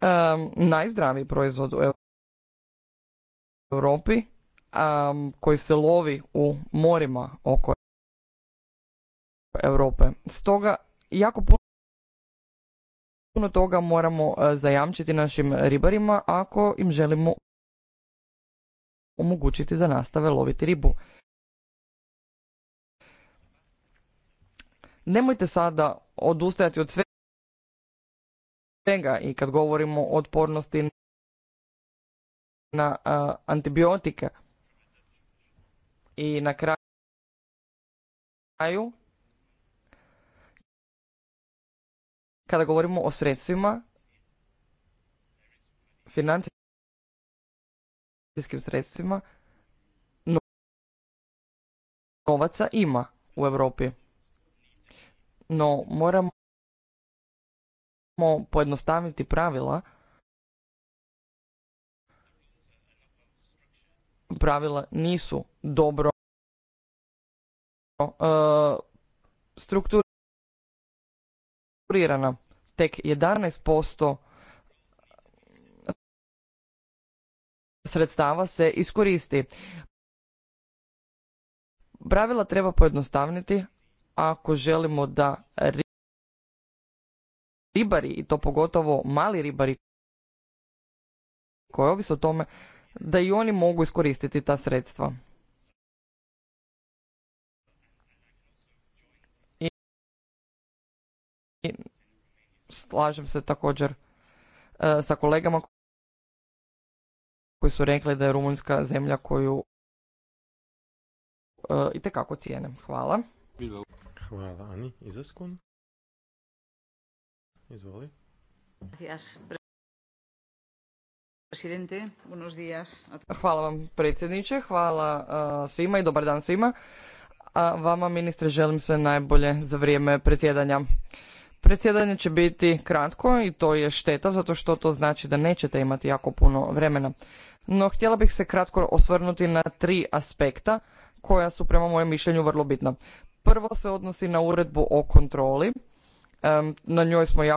E, najzdraviji proizvod u Europi koji se lovi u morima oko Europe. Stoga jako puno toga moramo e, zajamčiti našim ribarima ako im želimo omogućiti da nastave loviti ribu. Nemojte sada odustajati od svega i kad govorimo o otpornosti na e, antibiotike i na kraju Kada govorimo o sredstvima, financijskim sredstvima, novaca ima u Europi. No moramo pojednostaviti pravila pravila nisu dobro e, strukturno. Tek 11% sredstava se iskoristi. Pravila treba pojednostavniti ako želimo da ribari, i to pogotovo mali ribari koji ovise o tome, da i oni mogu iskoristiti ta sredstva. i slažem se također e, sa kolegama koji su rekli da je Rumunjska zemlja koju e, i tekako cijenem. Hvala. Hvala Ani. Izaskun. Izvoli. Hvala vam predsjedniče, hvala e, svima i dobar dan svima. A vama ministre želim sve najbolje za vrijeme predsjedanja. Predsjedanje će biti kratko i to je šteta zato što to znači da nećete imati jako puno vremena. No htjela bih se kratko osvrnuti na tri aspekta koja su prema mojem mišljenju vrlo bitna. Prvo se odnosi na uredbu o kontroli. Na njoj smo jako